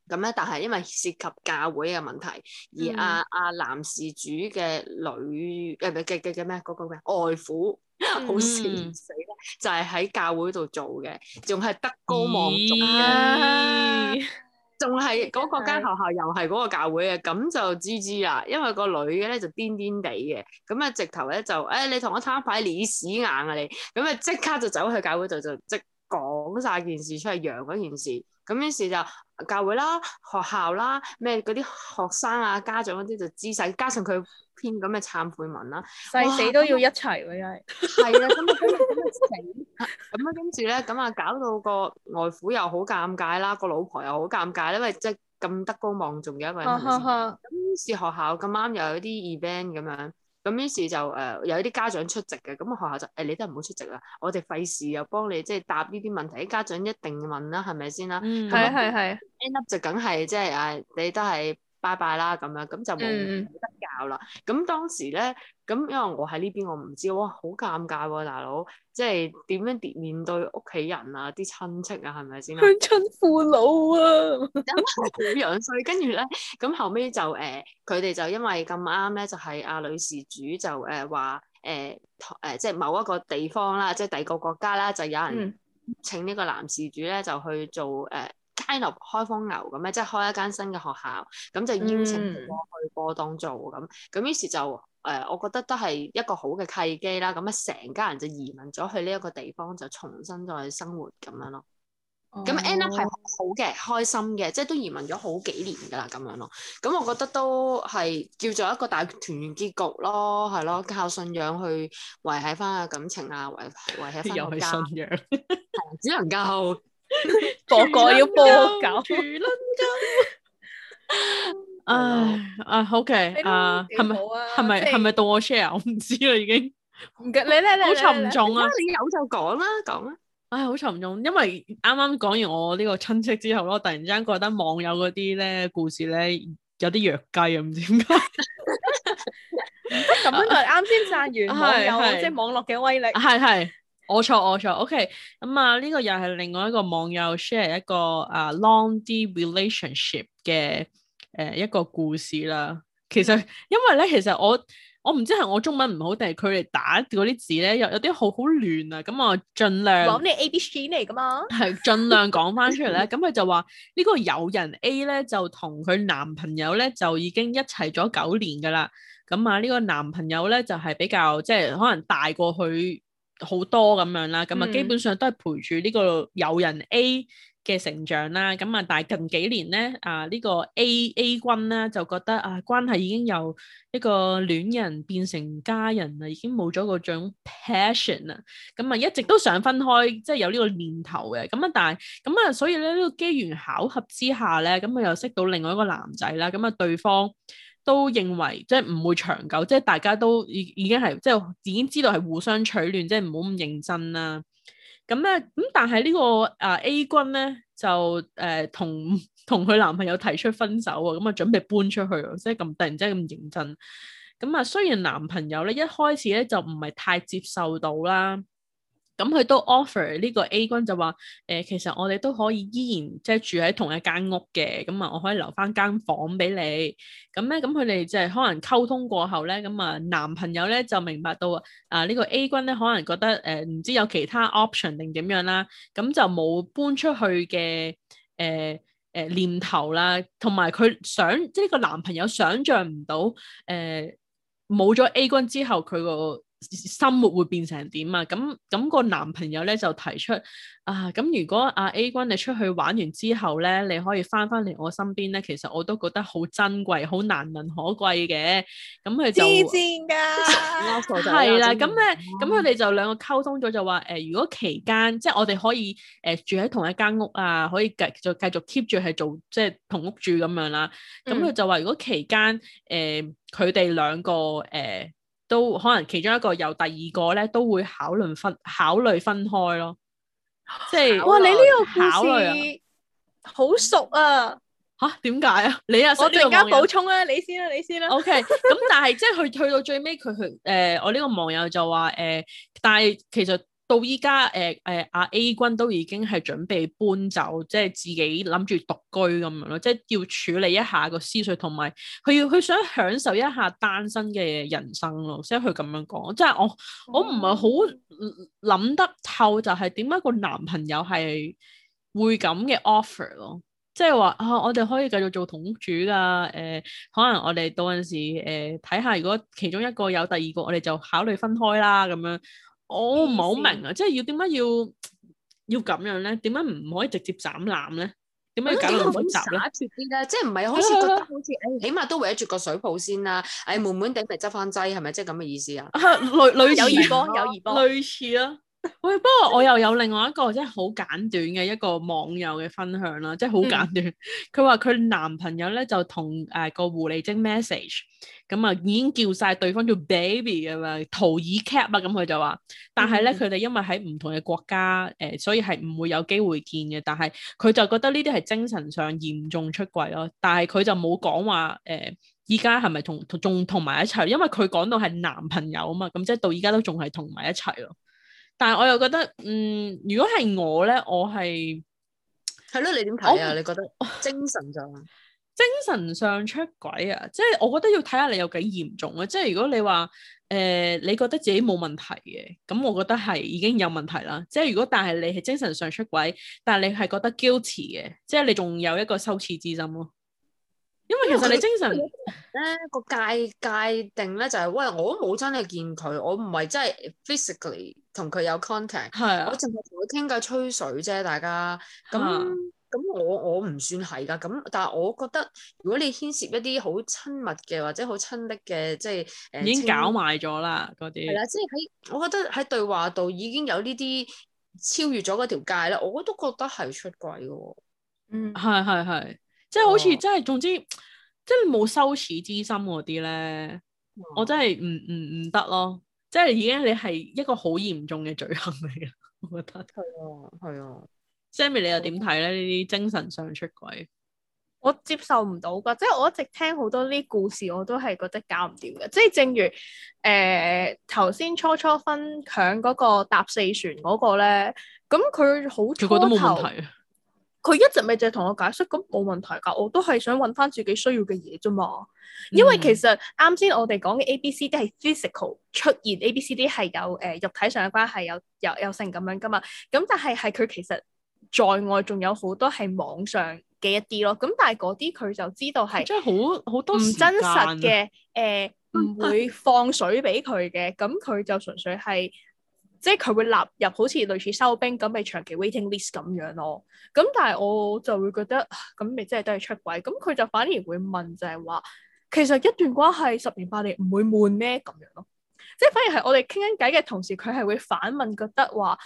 咁咧，但係因為涉及教會嘅問題，而阿、啊、阿、嗯啊、男事主嘅女，誒嘅嘅嘅咩，嗰嘅、那個、外父，嗯、好死唔死咧，就係、是、喺教會度做嘅，仲係德高望重嘅。仲係嗰個間學校又係嗰個教會啊，咁的就知知啦。因為個女嘅咧就癲癲地嘅，咁啊直頭咧就，誒你同我攤牌，你屎眼啊你！咁啊即刻就走去教會度就即講晒件事出嚟，揚嗰件事。咁於是就教會啦、學校啦、咩嗰啲學生啊、家長嗰啲就知曬，加上佢篇咁嘅懺悔文啦，誓死都要一齊喎，真係。係啦，咁啊跟住咧，咁 *laughs* 啊搞到個外父又好尷尬啦，個老婆又好尷尬，因為即係咁德高望重嘅一位。咁於是學校咁啱又有啲 event 咁樣。咁於是就誒、呃、有啲家長出席嘅，咁學校就誒、哎、你都唔好出席啦，我哋費事又幫你即係答呢啲問題，啲家長一定問啦、啊，係咪先啦、啊？係係係，end up 就梗係即係誒、哎、你都係。拜拜啦咁樣，咁就冇得教啦。咁、嗯、當時咧，咁因為我喺呢邊，我唔知，哇，好尷尬喎、啊，大佬，即係點樣面對屋企人啊，啲親戚啊，係咪先？鄉親父老啊，好樣衰。跟住咧，咁後尾就誒，佢哋就因為咁啱咧，就係、是、阿、啊、女事主就誒話誒誒，即係某一個地方啦，即係第二個國家啦，就有人請呢個男事主咧，就去做誒。呃街立 kind of, 開荒牛咁樣，即係開一間新嘅學校，咁、嗯、就邀請過去波當做咁，咁於是就誒、呃，我覺得都係一個好嘅契機啦。咁啊，成家人就移民咗去呢一個地方，就重新再生活咁樣咯。咁 n n e 係好嘅，開心嘅，即係都移民咗好幾年噶啦，咁樣咯。咁我覺得都係叫做一個大團圓結局咯，係咯，靠信仰去維係翻啊感情啊，維維係翻信仰。 *laughs* 只能夠。我講要播，哎，啊，好嘅，啊，係咪係咪係咪到我 share？我唔知啦，已經唔緊，你咧，你好沉重啊！你有就講啦，講啦。唉，好沉重，因為啱啱講完我呢個親戚之後咯，我突然之間覺得網友嗰啲咧故事咧有啲弱雞啊，唔知點解。咁樣就，啱先讚完網友，即係網絡嘅威力，係係。我錯我錯，OK，咁、嗯、啊呢、呢個又係另外一個網友 share 一個啊 long 啲 relationship 嘅誒一個故事啦。嗯、其實因為咧，其實我我唔知係我中文唔好定係佢哋打嗰啲字咧，有有啲好好亂啊。咁、嗯、我盡量講你 A B 嚟噶嘛，係盡量講翻出嚟咧。咁佢就話呢、呢個友人 A 咧就同佢男朋友咧就已經一齊咗九年噶啦。咁啊呢、呢個男朋友咧就係、是、比較、就係、比較即係可能大過佢。 *laughs* 好多咁樣啦，咁啊、嗯、基本上都係陪住呢個友人 A 嘅成長啦，咁啊但係近幾年咧啊呢、呢個 A A 君咧就覺得啊關係已經由一個戀人變成家人啦，已經冇咗嗰種 passion 啦，咁啊一直都想分開，即、就、係、是、有呢個念頭嘅，咁啊但係咁啊所以咧呢個機緣巧合之下咧，咁啊又識到另外一個男仔啦，咁啊，啊對方。都認為即係唔會長久，即係大家都已已經係即係已經知道係互相取暖，即係唔好咁認真啦。咁咧咁，但係呢個啊 A 君咧就誒同同佢男朋友提出分手啊，咁啊準備搬出去啊，即係咁突然之間咁認真。咁啊，雖然男朋友咧一開始咧就唔係太接受到啦。咁佢都 offer 呢個 A 君就話：誒、呃，其實我哋都可以依然即係、就是、住喺同一間屋嘅，咁啊，我可以留翻間房俾你。咁咧，咁佢哋就係可能溝通過後咧，咁啊，男朋友咧就明白到啊，呢、呃這個 A 君咧可能覺得誒唔、呃、知有其他 option 定點樣啦，咁就冇搬出去嘅誒誒念頭啦，同埋佢想即係呢個男朋友想像唔到誒冇咗 A 君之後佢個生活會變成點啊？咁、嗯、咁、嗯個男朋友咧就提出啊，咁如果阿 A 君你出去玩完之後咧，你可以翻翻嚟我身邊咧，其實我都覺得好珍貴、好難能可貴嘅。咁、嗯、佢就黐線㗎，係啦、啊。咁咧， *laughs* 咁佢哋就兩個溝通咗，就話誒、呃，如果期間即係我哋可以誒、呃、住喺同一間屋啊，可以繼就繼續 keep 住係做即係同屋住咁樣啦、啊。咁、嗯、佢、嗯、就話如果期間誒佢哋兩個誒。呃都可能其中一個由第二個咧都會考慮分考慮分開咯，即係慮哇！你呢個考慮、啊、好熟啊嚇？點解啊？你啊，我而家補充啊！你先啦、啊，你先啦、啊。OK，咁但係即係去去到最尾，佢去。誒、呃、我呢個網友就話誒、呃，但係其實。到依家，誒、啊、誒，阿、啊、A 君都已經係準備搬走，即係自己諗住獨居咁樣咯，即係要處理一下個思緒，同埋佢要佢想享受一下單身嘅人生咯，所以佢咁樣講，即係我我唔係好諗得透，就係點解個男朋友係會咁嘅 offer 咯？即係話啊，我哋可以繼續做同屋主噶，誒、呃，可能我哋到嗰陣時誒睇下，呃、看看如果其中一個有第二個，我哋就考慮分開啦咁樣。我唔係好明啊，即係要點解要要咁樣咧？點解唔可以直接斬纜咧？點解要搞到咁複雜咧？即係唔係好似覺得好似，誒，起碼都維得住個水泡先啦。誒，悶悶地咪執翻劑，係咪即係咁嘅意思啊？類類似啊，友誼波，友誼波，類似啊。喂，不過我又有另外一個即係好簡短嘅一個網友嘅分享啦，即係好簡短。佢話佢男朋友咧就同誒、呃、個狐狸精 message 咁啊，嗯嗯、已經叫晒對方叫 baby 㗎喇，圖耳 cap 啊，咁佢就話，但係咧佢哋因為喺唔同嘅國家誒、呃，所以係唔會有機會見嘅。但係佢就覺得呢啲係精神上嚴重出軌咯。但係佢就冇講話誒，依家係咪同仲同埋一齊？因為佢講到係男朋友啊嘛，咁即係到依家都仲係同埋一齊咯。但係我又覺得，嗯，如果係我咧，我係係咯，你點睇啊？你覺得精神上啊？精神上出軌啊？即係我覺得要睇下你有幾嚴重啊！即係如果你話誒、呃，你覺得自己冇問題嘅，咁、嗯、我覺得係已經有問題啦。即係如果但係你係精神上出軌，但係你係覺得 guilty 嘅，即係你仲有一個羞恥之心咯、啊。因為其實你精神咧 *laughs* 個界界定咧就係、是、喂，我都冇真係見佢，我唔係真係 physically 同佢有 contact，係 *laughs* 我淨係同佢傾偈吹水啫，大家。咁咁 *laughs* 我我唔算係噶，咁但係我覺得如果你牽涉一啲好親密嘅或者好親昵嘅，即係誒、呃、已經搞埋咗啦，嗰啲係啦。即係喺我覺得喺對話度已經有呢啲超越咗嗰條界啦，我都覺得係出軌噶。嗯，係係係。即係好似，即係、哦、總之，即係冇羞恥之心嗰啲咧，哦、我真係唔唔唔得咯！即係已經你係一個好嚴重嘅罪行嚟嘅，我覺得係啊係啊，Sammy 你又點睇咧呢啲、哦、精神上出軌？我接受唔到噶，即係我一直聽好多呢啲故事，我都係覺得搞唔掂嘅。即係正如誒頭先初初分享嗰個搭四船嗰個咧，咁佢好冇問題啊。佢一直咪就係同我解釋，咁冇問題㗎、啊，我都係想揾翻自己需要嘅嘢啫嘛。因為其實啱先、嗯、我哋講嘅 A、B、CD 係 physical 出現，A、B、呃、CD 係有誒肉體上嘅關係，有有有性咁樣㗎嘛。咁但係係佢其實在外仲有好多係網上嘅一啲咯。咁但係嗰啲佢就知道係即係好好多唔真實嘅，誒唔、呃、 *laughs* 會放水俾佢嘅。咁佢就純粹係。即係佢會納入好似類似收兵咁，咪長期 waiting list 咁樣咯。咁但係我就會覺得，咁咪即係都係出軌。咁佢就反而會問就，就係話其實一段關係十年八年唔會悶咩咁樣咯。即係反而係我哋傾緊偈嘅同時，佢係會反問，覺得話。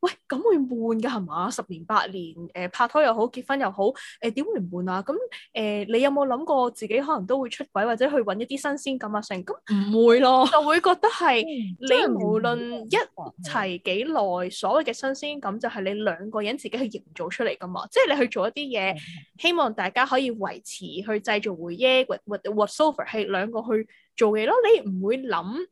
喂，咁會悶㗎係嘛？十年八年，誒、呃、拍拖又好，結婚又好，誒、呃、點會唔悶啊？咁誒、呃，你有冇諗過自己可能都會出軌或者去揾一啲新鮮感啊？成咁唔會咯，就會覺得係、嗯、你無論一齊幾耐，嗯、所謂嘅新鮮感就係你兩個人自己去營造出嚟㗎嘛。即係、嗯、你去做一啲嘢，希望大家可以維持去製造回憶，或或 whatever 係兩個去做嘢咯。你唔會諗。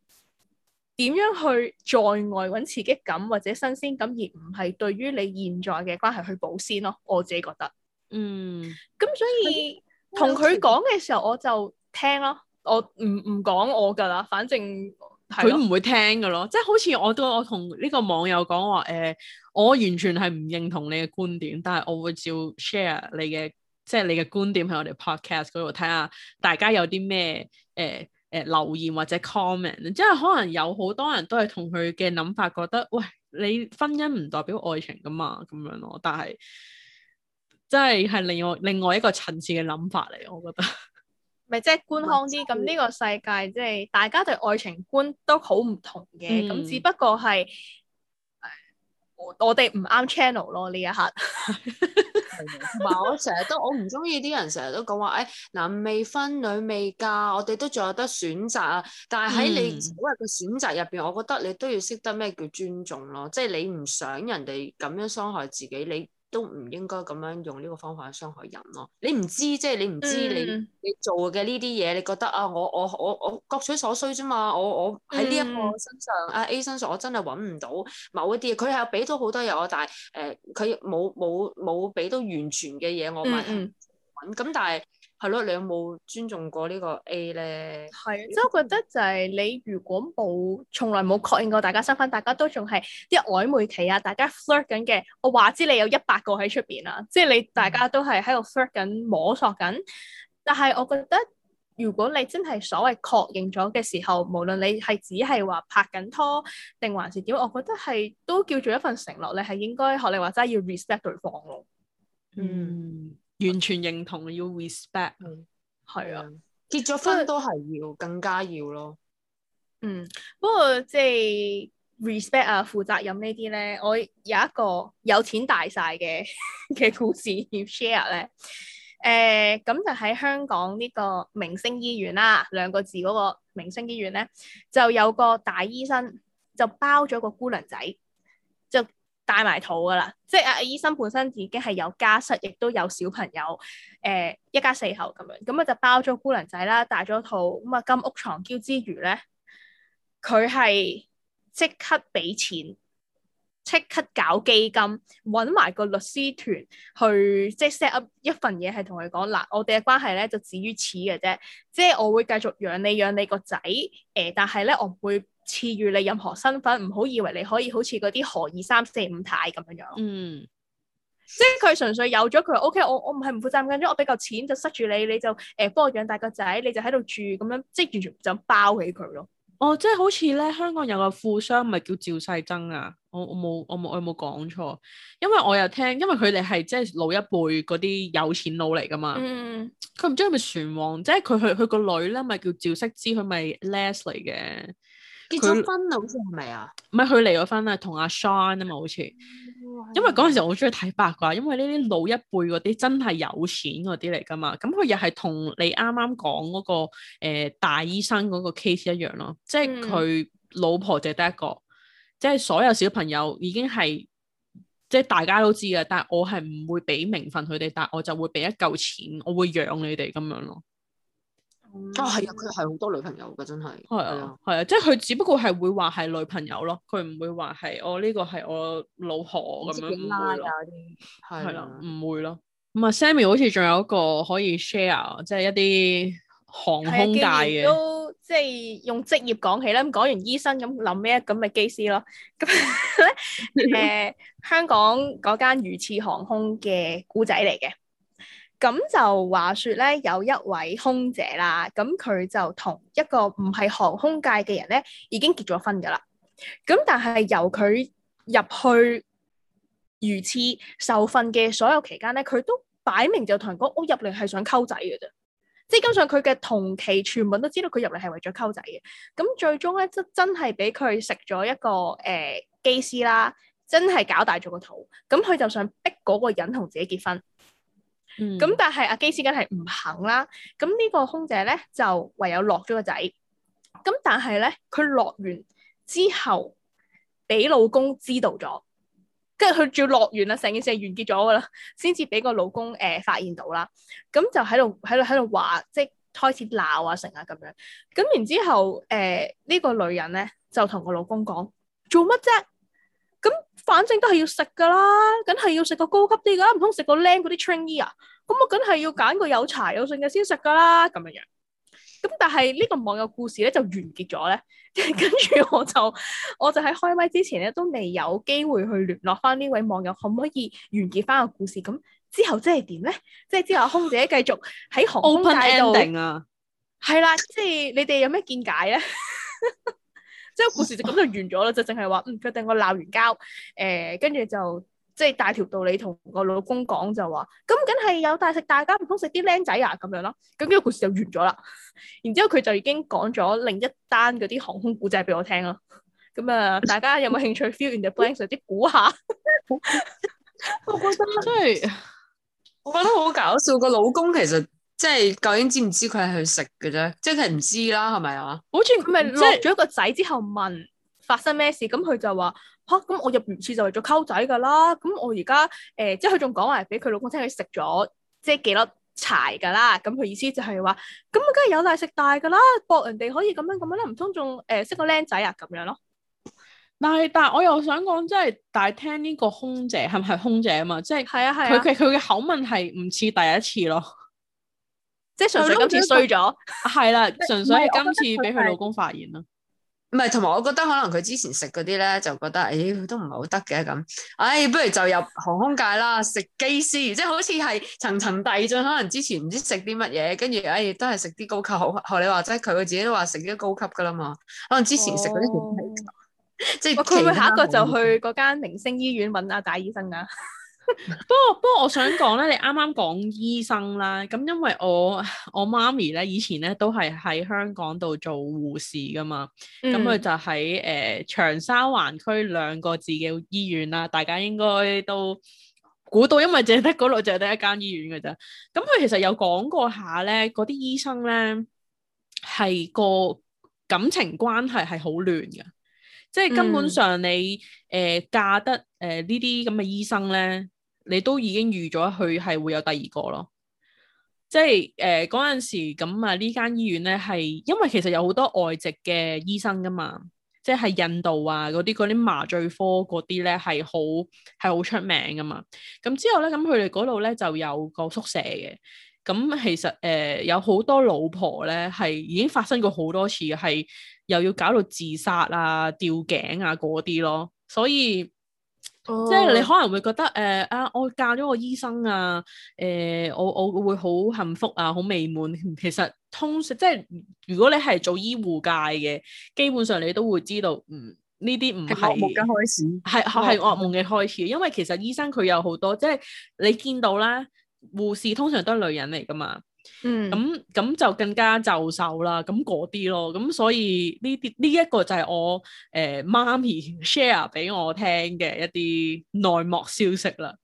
點樣去在外揾刺激感或者新鮮感，而唔係對於你現在嘅關係去保鮮咯。我自己覺得，嗯，咁所以同佢講嘅時候，我就聽咯，我唔唔講我噶啦，反正佢唔會聽噶咯。即係好似我都我同呢個網友講話，誒、呃，我完全係唔認同你嘅觀點，但係我會照 share 你嘅，即係你嘅觀點喺我哋 podcast 嗰度睇下，看看大家有啲咩誒。呃誒、呃、留言或者 comment，即係可能有好多人都係同佢嘅諗法覺得，喂，你婚姻唔代表愛情㗎嘛咁樣咯，但係即係係另外另外一個層次嘅諗法嚟，我覺得。咪即係觀看啲咁呢個世界，即係大家對愛情觀都好唔同嘅，咁、嗯、只不過係。我哋唔啱 channel 咯，呢一刻，同 *laughs* 埋 *laughs* *laughs* 我成日都我唔中意啲人成日都講話，誒、哎，男未婚女未嫁，我哋都仲有得選擇啊。但係喺你所謂嘅選擇入邊，我覺得你都要識得咩叫尊重咯。即係你唔想人哋咁樣傷害自己，你。都唔應該咁樣用呢個方法去傷害人咯。你唔知，即係你唔知你、嗯、你做嘅呢啲嘢，你覺得啊，我我我我各取所需啫嘛。我我喺呢一個身上，啊、嗯、A 身上，我真係揾唔到某一啲嘢。佢係俾咗好多嘢我，但係誒，佢冇冇冇俾到完全嘅嘢，我咪揾。咁、嗯嗯、但係。係咯，你有冇尊重過呢個 A 咧？係，即係我覺得就係你如果冇從來冇確認過大家身份，大家都仲係啲曖昧期啊，大家 flirt 緊嘅。我話知你有一百個喺出邊啦，即係你大家都係喺度 flirt 緊、摸索緊。但係我覺得，如果你真係所謂確認咗嘅時候，無論你係只係話拍緊拖定還是點，我覺得係都叫做一份承諾，你係應該學你話齋要 respect 對方咯。嗯。完全認同，要 respect，係、嗯、啊，結咗婚都係要，是更加要咯。嗯，不過即係 respect 啊，負責任呢啲咧，我有一個有錢大晒嘅嘅故事要 share 咧。誒、呃，咁就喺香港呢個明星醫院啦、啊，兩個字嗰個明星醫院咧，就有個大醫生就包咗個姑娘仔。帶埋肚㗎喇，即係阿醫生本身已經係有家室，亦都有小朋友，誒、呃，一家四口咁樣，咁啊就包咗姑娘仔啦，帶咗肚，咁啊金屋藏嬌之餘咧，佢係即刻俾錢，即刻搞基金，揾埋個律師團去即係 set up 一份嘢係同佢講，嗱、呃，我哋嘅關係咧就止於此嘅啫，即係我會繼續養你養你個仔，誒、呃，但係咧我唔會，賜予你任何身份，唔好以為你可以好似嗰啲何二三四五太咁樣樣。嗯，即係佢純粹有咗佢，O K，我我唔係唔負責任咗，我俾嚿錢就塞住你，你就誒幫、呃、我養大個仔，你就喺度住咁樣，即係完全就包起佢咯。哦，即係好似咧，香港有個富商咪叫趙世曾啊，我我冇我冇我冇講錯，因為我又聽，因為佢哋係即係老一輩嗰啲有錢佬嚟噶嘛。嗯。佢唔知係咪船王，即係佢佢佢個女咧咪叫趙式芝，佢咪 less 嚟嘅。結咗婚啦，他好似係咪啊？唔係佢離咗婚啦，同阿 Sean, s h a n 啊嘛，好似。因為嗰陣時我好中意睇八卦，因為呢啲老一輩嗰啲真係有錢嗰啲嚟噶嘛。咁佢又係同你啱啱講嗰個誒、呃、大醫生嗰個 case 一樣咯，即係佢老婆就得一個，嗯、即係所有小朋友已經係即係大家都知噶，但係我係唔會俾名分佢哋，但係我就會俾一嚿錢，我會養你哋咁樣咯。啊，係啊、哦，佢係好多女朋友噶，真係。係啊，係啊，即係佢只不過係會話係女朋友咯，佢唔會話係我呢個係我老婆咁樣咯。係啦，唔會咯。咁啊，Sammy 好似仲有一個可以 share，即係一啲航空界嘅、啊。都即係用職業講起咧，咁講完醫生咁諗咩？咁咪機師咯。咁 *laughs* 咧、呃，誒， *laughs* 香港嗰間魚翅航空嘅古仔嚟嘅。咁就話説咧，有一位空姐啦，咁佢就同一個唔係航空界嘅人咧，已經結咗婚噶啦。咁但係由佢入去如廁受訓嘅所有期間咧，佢都擺明就同人講，我入嚟係想溝仔嘅啫。即係加上佢嘅同期全部都知道佢入嚟係為咗溝仔嘅。咁最終咧，真真係俾佢食咗一個誒、呃、機師啦，真係搞大咗個肚。咁佢就想逼嗰個人同自己結婚。咁、嗯、但係阿機師梗係唔肯啦，咁呢個空姐咧就唯有落咗個仔，咁但係咧佢落完之後，俾老公知道咗，跟住佢仲要落完啦，成件事係完結咗噶啦，先至俾個老公誒、呃、發現到啦，咁就喺度喺度喺度話，即係開始鬧啊成啊咁樣，咁然之後誒呢、呃這個女人咧就同個老公講做乜啫？反正都係要食噶啦，梗係要食個高級啲噶，唔通食個靚嗰啲 trainee 啊？咁我梗係要揀個有財有剩嘅先食噶啦，咁樣樣。咁但係呢個網友故事咧就完結咗咧，跟住我就我就喺開麥之前咧都未有機會去聯絡翻呢位網友，可唔可以完結翻個故事？咁之後即係點咧？即係之後空姐繼續喺航空界度。係啦，即係 *laughs* 你哋有咩見解咧？ *laughs* 即係個故事就咁就完咗啦，就淨係話嗯，決定我鬧完交，誒、呃，跟住就即係大條道理同個老公講就話，咁梗係有大食大家唔通食啲僆仔啊咁樣咯，咁呢個故事就完咗啦。然之後佢就已經講咗另一單嗰啲航空故仔俾我聽啦。咁、嗯、啊，大家有冇興趣 fill in the blanks 啲估下？我覺得真係，我覺得好搞笑個老公其實。即係究竟知唔知佢係去食嘅啫，即係佢唔知啦，係咪啊？好似佢咪落咗個仔之後問發生咩事，咁佢就話，吓、啊，咁我入唔廁就為咗溝仔噶啦。咁我而家誒，即係佢仲講話俾佢老公聽，佢食咗即係幾多柴噶啦。咁佢意思就係話，咁我梗係有大食大噶啦，搏人哋可以咁樣咁樣啦。唔通仲誒識個僆仔啊？咁樣咯。但係但係我又想講，即係大廳呢個空姐係咪係空姐啊？嘛，即係係啊係啊。佢佢嘅口吻係唔似第一次咯。即係純粹今次衰咗，係啦，純粹係今次俾佢老公發現咯。唔係， *laughs* 同埋我覺得可能佢之前食嗰啲咧，就覺得，誒、哎，都唔係好得嘅咁。誒、哎，不如就入航空界啦，食機師，即係好似係層層遞進。可能之前唔知食啲乜嘢，跟住，誒、哎，都係食啲高級，學你話齋，佢自己都話食啲高級噶啦嘛。可能之前食嗰啲，哦、即係佢會，會下一個就去嗰間明星醫院揾阿大醫生噶、啊。 *laughs* *laughs* 不過不過我想講咧，你啱啱講醫生啦，咁因為我我媽咪咧以前咧都係喺香港度做護士噶嘛，咁佢、嗯、就喺誒、呃、長沙灣區兩個字嘅醫院啦，大家應該都估到，因為淨係得嗰度淨係得一間醫院噶啫。咁佢其實有講過下咧，嗰啲醫生咧係個感情關係係好亂噶，即、就、係、是、根本上你誒、嗯呃、嫁得誒呢啲咁嘅醫生咧。你都已經預咗佢係會有第二個咯，即係誒嗰陣時咁啊，呢間醫院咧係因為其實有好多外籍嘅醫生㗎嘛，即係印度啊嗰啲嗰啲麻醉科嗰啲咧係好係好出名㗎嘛。咁之後咧咁佢哋嗰度咧就有個宿舍嘅，咁其實誒、呃、有好多老婆咧係已經發生過好多次，係又要搞到自殺啊、吊頸啊嗰啲咯，所以。即係你可能會覺得誒、呃、啊，我嫁咗個醫生啊，誒、呃，我我會好幸福啊，好美滿。其實通常即係如果你係做醫護界嘅，基本上你都會知道，嗯，呢啲唔係噩夢嘅開始，係係噩夢嘅開始。哦、因為其實醫生佢有好多，即係你見到啦，護士通常都係女人嚟㗎嘛。嗯，咁咁就更加就手啦，咁嗰啲咯，咁所以呢啲呢一個就係我誒、呃、媽咪 share 俾我聽嘅一啲內幕消息啦。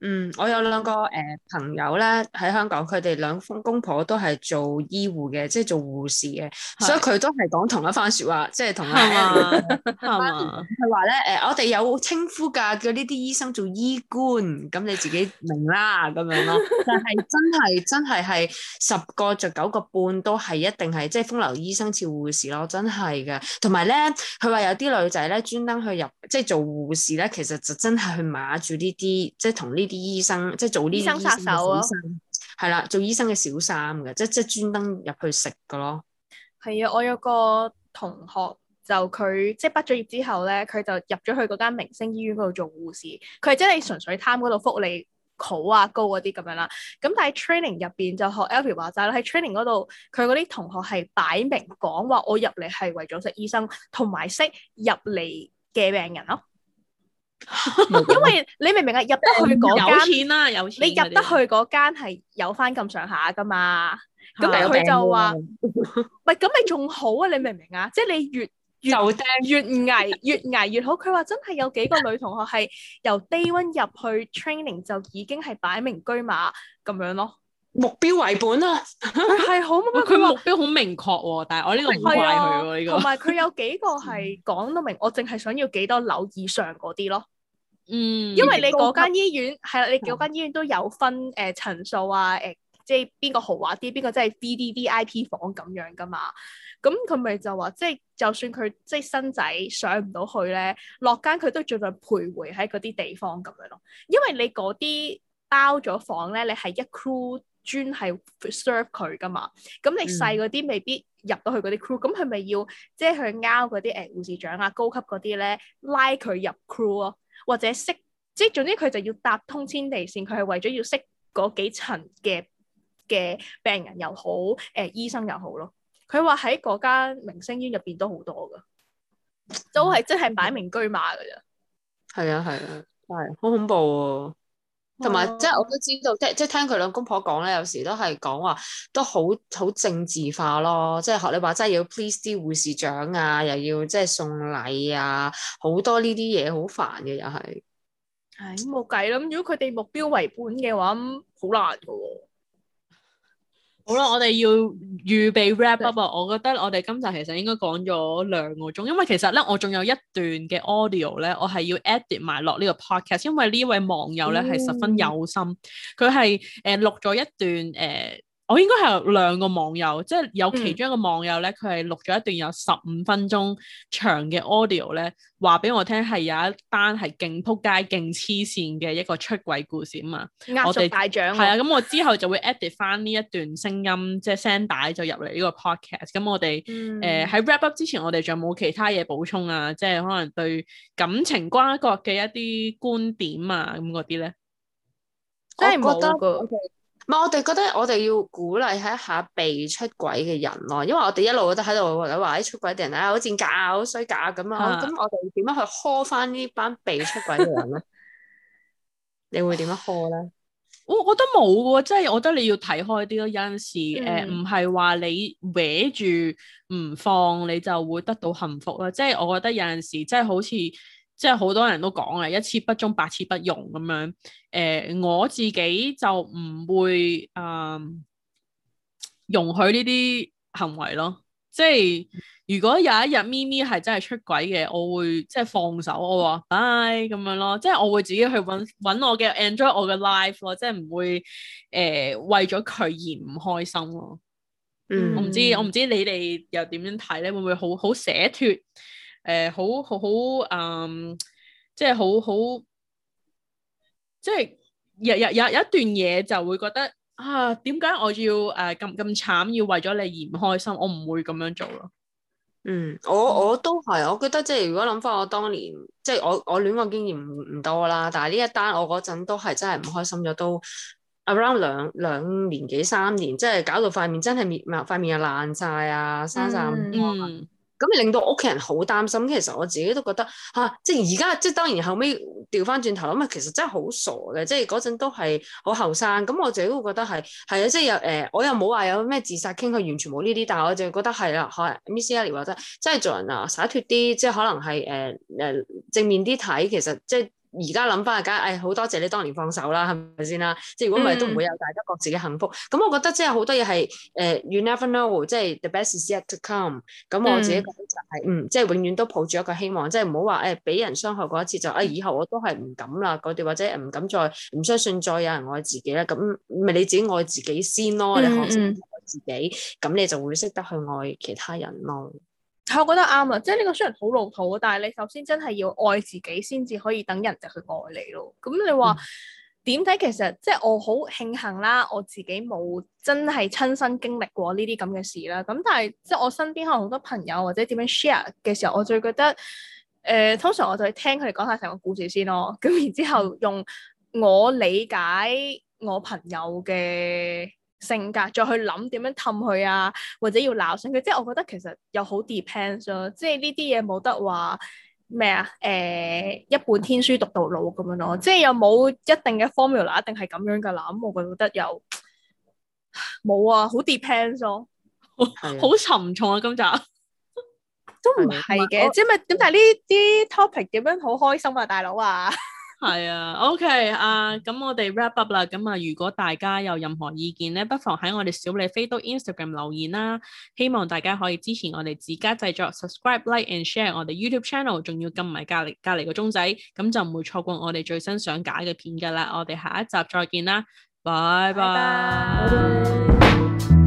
嗯，我有兩個誒、呃、朋友咧喺香港，佢哋兩公婆都係做醫護嘅，即係做護士嘅，是所以佢都係講同一番說話，即係同阿係嘛？佢話咧，誒、嗯 *laughs* 呃，我哋有稱呼噶，叫呢啲醫生做醫官，咁你自己明啦，咁樣咯。 *laughs* 但係真係真係係十個就九個半都係一定係即係風流醫生似護士咯，真係嘅。同埋咧，佢話有啲女仔咧專登去入即係做護士咧，其實就真係去碼住呢啲，即係同呢。啲醫生即係做啲醫，醫，醫生殺手咯、啊，係啦，做醫生嘅小三嘅，即即專登入去食嘅咯。係啊，我有個同學就佢即係畢咗業之後咧，佢就入咗去嗰間明星醫院嗰度做護士。佢係真係純粹貪嗰度福利好啊高嗰啲咁樣啦。咁、啊啊啊啊、但係 training 入邊就學 Alvin 話齋啦，喺 training 嗰度佢嗰啲同學係擺明講話我入嚟係為咗識醫生，同埋識入嚟嘅病人咯。 *laughs* 因為你明唔明啊？入得去嗰間，嗯，有錢啦、啊，有錢、啊。你入得去嗰間係有翻咁上下噶嘛？咁佢、啊、就話，喂頂，係 *laughs* 咁，你仲好啊？你明唔明啊？即係你越越 *laughs* 越，越捱越捱越好。佢話真係有幾個女同學係由低溫入去 training 就已經係擺明車馬咁樣咯。目標為本啊，係好佢目標好明確喎、啊， *laughs* 但係我呢個唔怪佢喎、啊。呢、啊呢個同埋佢有幾個係講得明，我淨係想要幾多樓以上嗰啲咯。嗯，因為你嗰間醫院係啦級、啊，你嗰間醫院都有分誒、呃、層數啊，誒、呃、即係邊個豪華啲，邊個即係 B D VIP 房咁樣噶嘛。咁佢咪就話，即係就算佢即係新仔上唔到去咧，落間佢都儘量徘徊喺嗰啲地方咁樣咯。因為你嗰啲包咗房咧，你係一 crew。專係 serve 佢噶嘛？咁你細嗰啲未必入到去嗰啲 crew，咁佢咪要即係佢勾嗰啲誒護士長啊、高級嗰啲咧拉佢入 crew 咯、啊，或者識即係總之佢就要搭通天地線，佢係為咗要識嗰幾層嘅嘅病人又好誒、呃、醫生又好咯。佢話喺嗰間明星醫院入邊都好多噶，都係即係擺明車馬噶咋。係啊係啊，係好、啊啊啊、恐怖喎、啊！同埋即係我都知道，即係即係聽佢、就是、兩公婆講咧，有時都係講話都好好政治化咯。即、就、係、是、學你話，真係要 please 啲護士長啊，又要即係、就是、送禮啊，好多呢啲嘢好煩嘅又係。係咁冇計啦。咁如果佢哋目標為本嘅話，咁好、嗯、難嘅喎、哦。好啦，我哋要預備 wrap up 啊對！我覺得我哋今集其實應該講咗兩個鐘，因為其實咧，我仲有一段嘅 audio 咧，我係要 edit 埋落呢個 podcast，因為呢位網友咧係、嗯、十分有心，佢係誒錄咗一段誒。呃我應該係兩個網友，即係有其中一個網友咧，佢係錄咗一段有十五分鐘長嘅 audio 咧，話俾我聽係有一單係勁撲街、勁黐線嘅一個出軌故事啊、嗯、嘛。我哋大獎。係啊，咁我、啊、我之後就會 edit 翻呢一段聲音，即係 s e 帶就入嚟呢個 podcast。咁、嗯、我哋誒喺 wrap up 之前，我哋仲有冇其他嘢補充啊？即係可能對感情瓜葛嘅一啲觀點啊，咁嗰啲咧，即係得。唔係我哋覺得，我哋要鼓勵下一下被出軌嘅人咯，因為我哋一路都喺度話啲出軌嘅人啊好賤格啊，好衰假咁啊，咁的我哋點樣去呵翻呢班被出軌嘅人咧？ *laughs* 你會點樣呵咧？我我覺得冇喎、啊，即係我覺得你要睇開啲咯。有陣時誒，唔係話你歪住唔放，你就會得到幸福啦。即係我覺得有陣時，即係好似。即係好多人都講啊，一次不忠百次不容咁樣。誒、呃，我自己就唔會誒、呃、容許呢啲行為咯。即係如果有一日咪咪係真係出軌嘅，我會即係放手，我話 bye 咁樣咯。即係我會自己去揾揾我嘅 enjoy 我嘅 life 咯，即係唔會誒、呃、為咗佢而唔開心咯。嗯，我唔知我唔知你哋又點樣睇咧，會唔會好好灑脫？誒，好好好，嗯，即係好好，即係日日有一段嘢，就會覺得啊，點解我要誒咁咁慘，要為咗你而唔開心，我唔會咁樣做咯。嗯，我我都係，我覺得即係如果諗翻我當年，即係我我戀愛經驗唔唔多啦，但係呢一單我嗰陣都係真係唔開心咗，都 around 兩兩年幾三年，即係搞到塊面真係面，塊面又爛晒啊，生晒。嗯嗯。咁令到屋企人好擔心，其實我自己都覺得嚇、啊，即係而家即係當然後尾調返轉頭，咁啊其實真係好傻嘅，即係嗰陣都係好後生，咁我自己會覺得係係啊，即係又誒，我又冇話有咩自殺傾向，佢完全冇呢啲，但係我就覺得係啦，可係 Miss Lily 話齋真係做人啊，灑脱啲，即係可能係誒誒正面啲睇，其實即係。而家諗翻，梗係，哎，好多謝你當年放手啦，係咪先啦？即係如果唔係，都唔會有大家各自嘅幸福。咁、mm. 嗯、我覺得即係好多嘢，係，誒、呃、you never know，即係 the best is yet to come、嗯。咁我自己覺得就係，嗯，即係永遠都抱住一個希望，即係唔好話，誒、哎，俾人傷害過一次就，啊、哎，以後我都係唔敢啦，嗰啲或者唔敢再，唔相信再有人愛自己咧。咁咪你自己愛自己先咯，你學識愛自己，咁你就會識得去愛其他人咯。我覺得啱啊，即係呢個雖然好老土，但係你首先真係要愛自己，先至可以等人哋去愛你咯。咁你話點睇？其實即係我好慶幸啦，我自己冇真係親身經歷過呢啲咁嘅事啦。咁但係即係我身邊可能好多朋友或者點樣 share 嘅時候，我就會覺得誒、呃，通常我就會聽佢哋講晒成個故事先咯。咁然之後用我理解我朋友嘅。性格再去諗點樣氹佢啊，或者要鬧醒佢，即係我覺得其實又好 depends 咯、啊，即係呢啲嘢冇得話咩啊，誒、欸、一本天書讀到老咁樣咯，即係又冇一定嘅 formula，一定係咁樣嘅諗，我覺得又冇啊，好 depends 咯、啊，好沉重啊今集， *laughs* 都唔係嘅，即係咪咁？但係呢啲 topic 點樣好開心啊大佬啊！係啊，OK 啊，咁我哋 wrap up 啦。咁啊，如果大家有任何意見咧，不妨喺我哋小李飛刀 Instagram 留言啦。希望大家可以支持我哋自家製作，subscribe、like and share 我哋 YouTube channel，仲要撳埋隔籬隔籬個鐘仔，咁就唔會錯過我哋最新上架嘅片噶啦。我哋下一集再見啦，bye bye. Bye bye. 拜拜。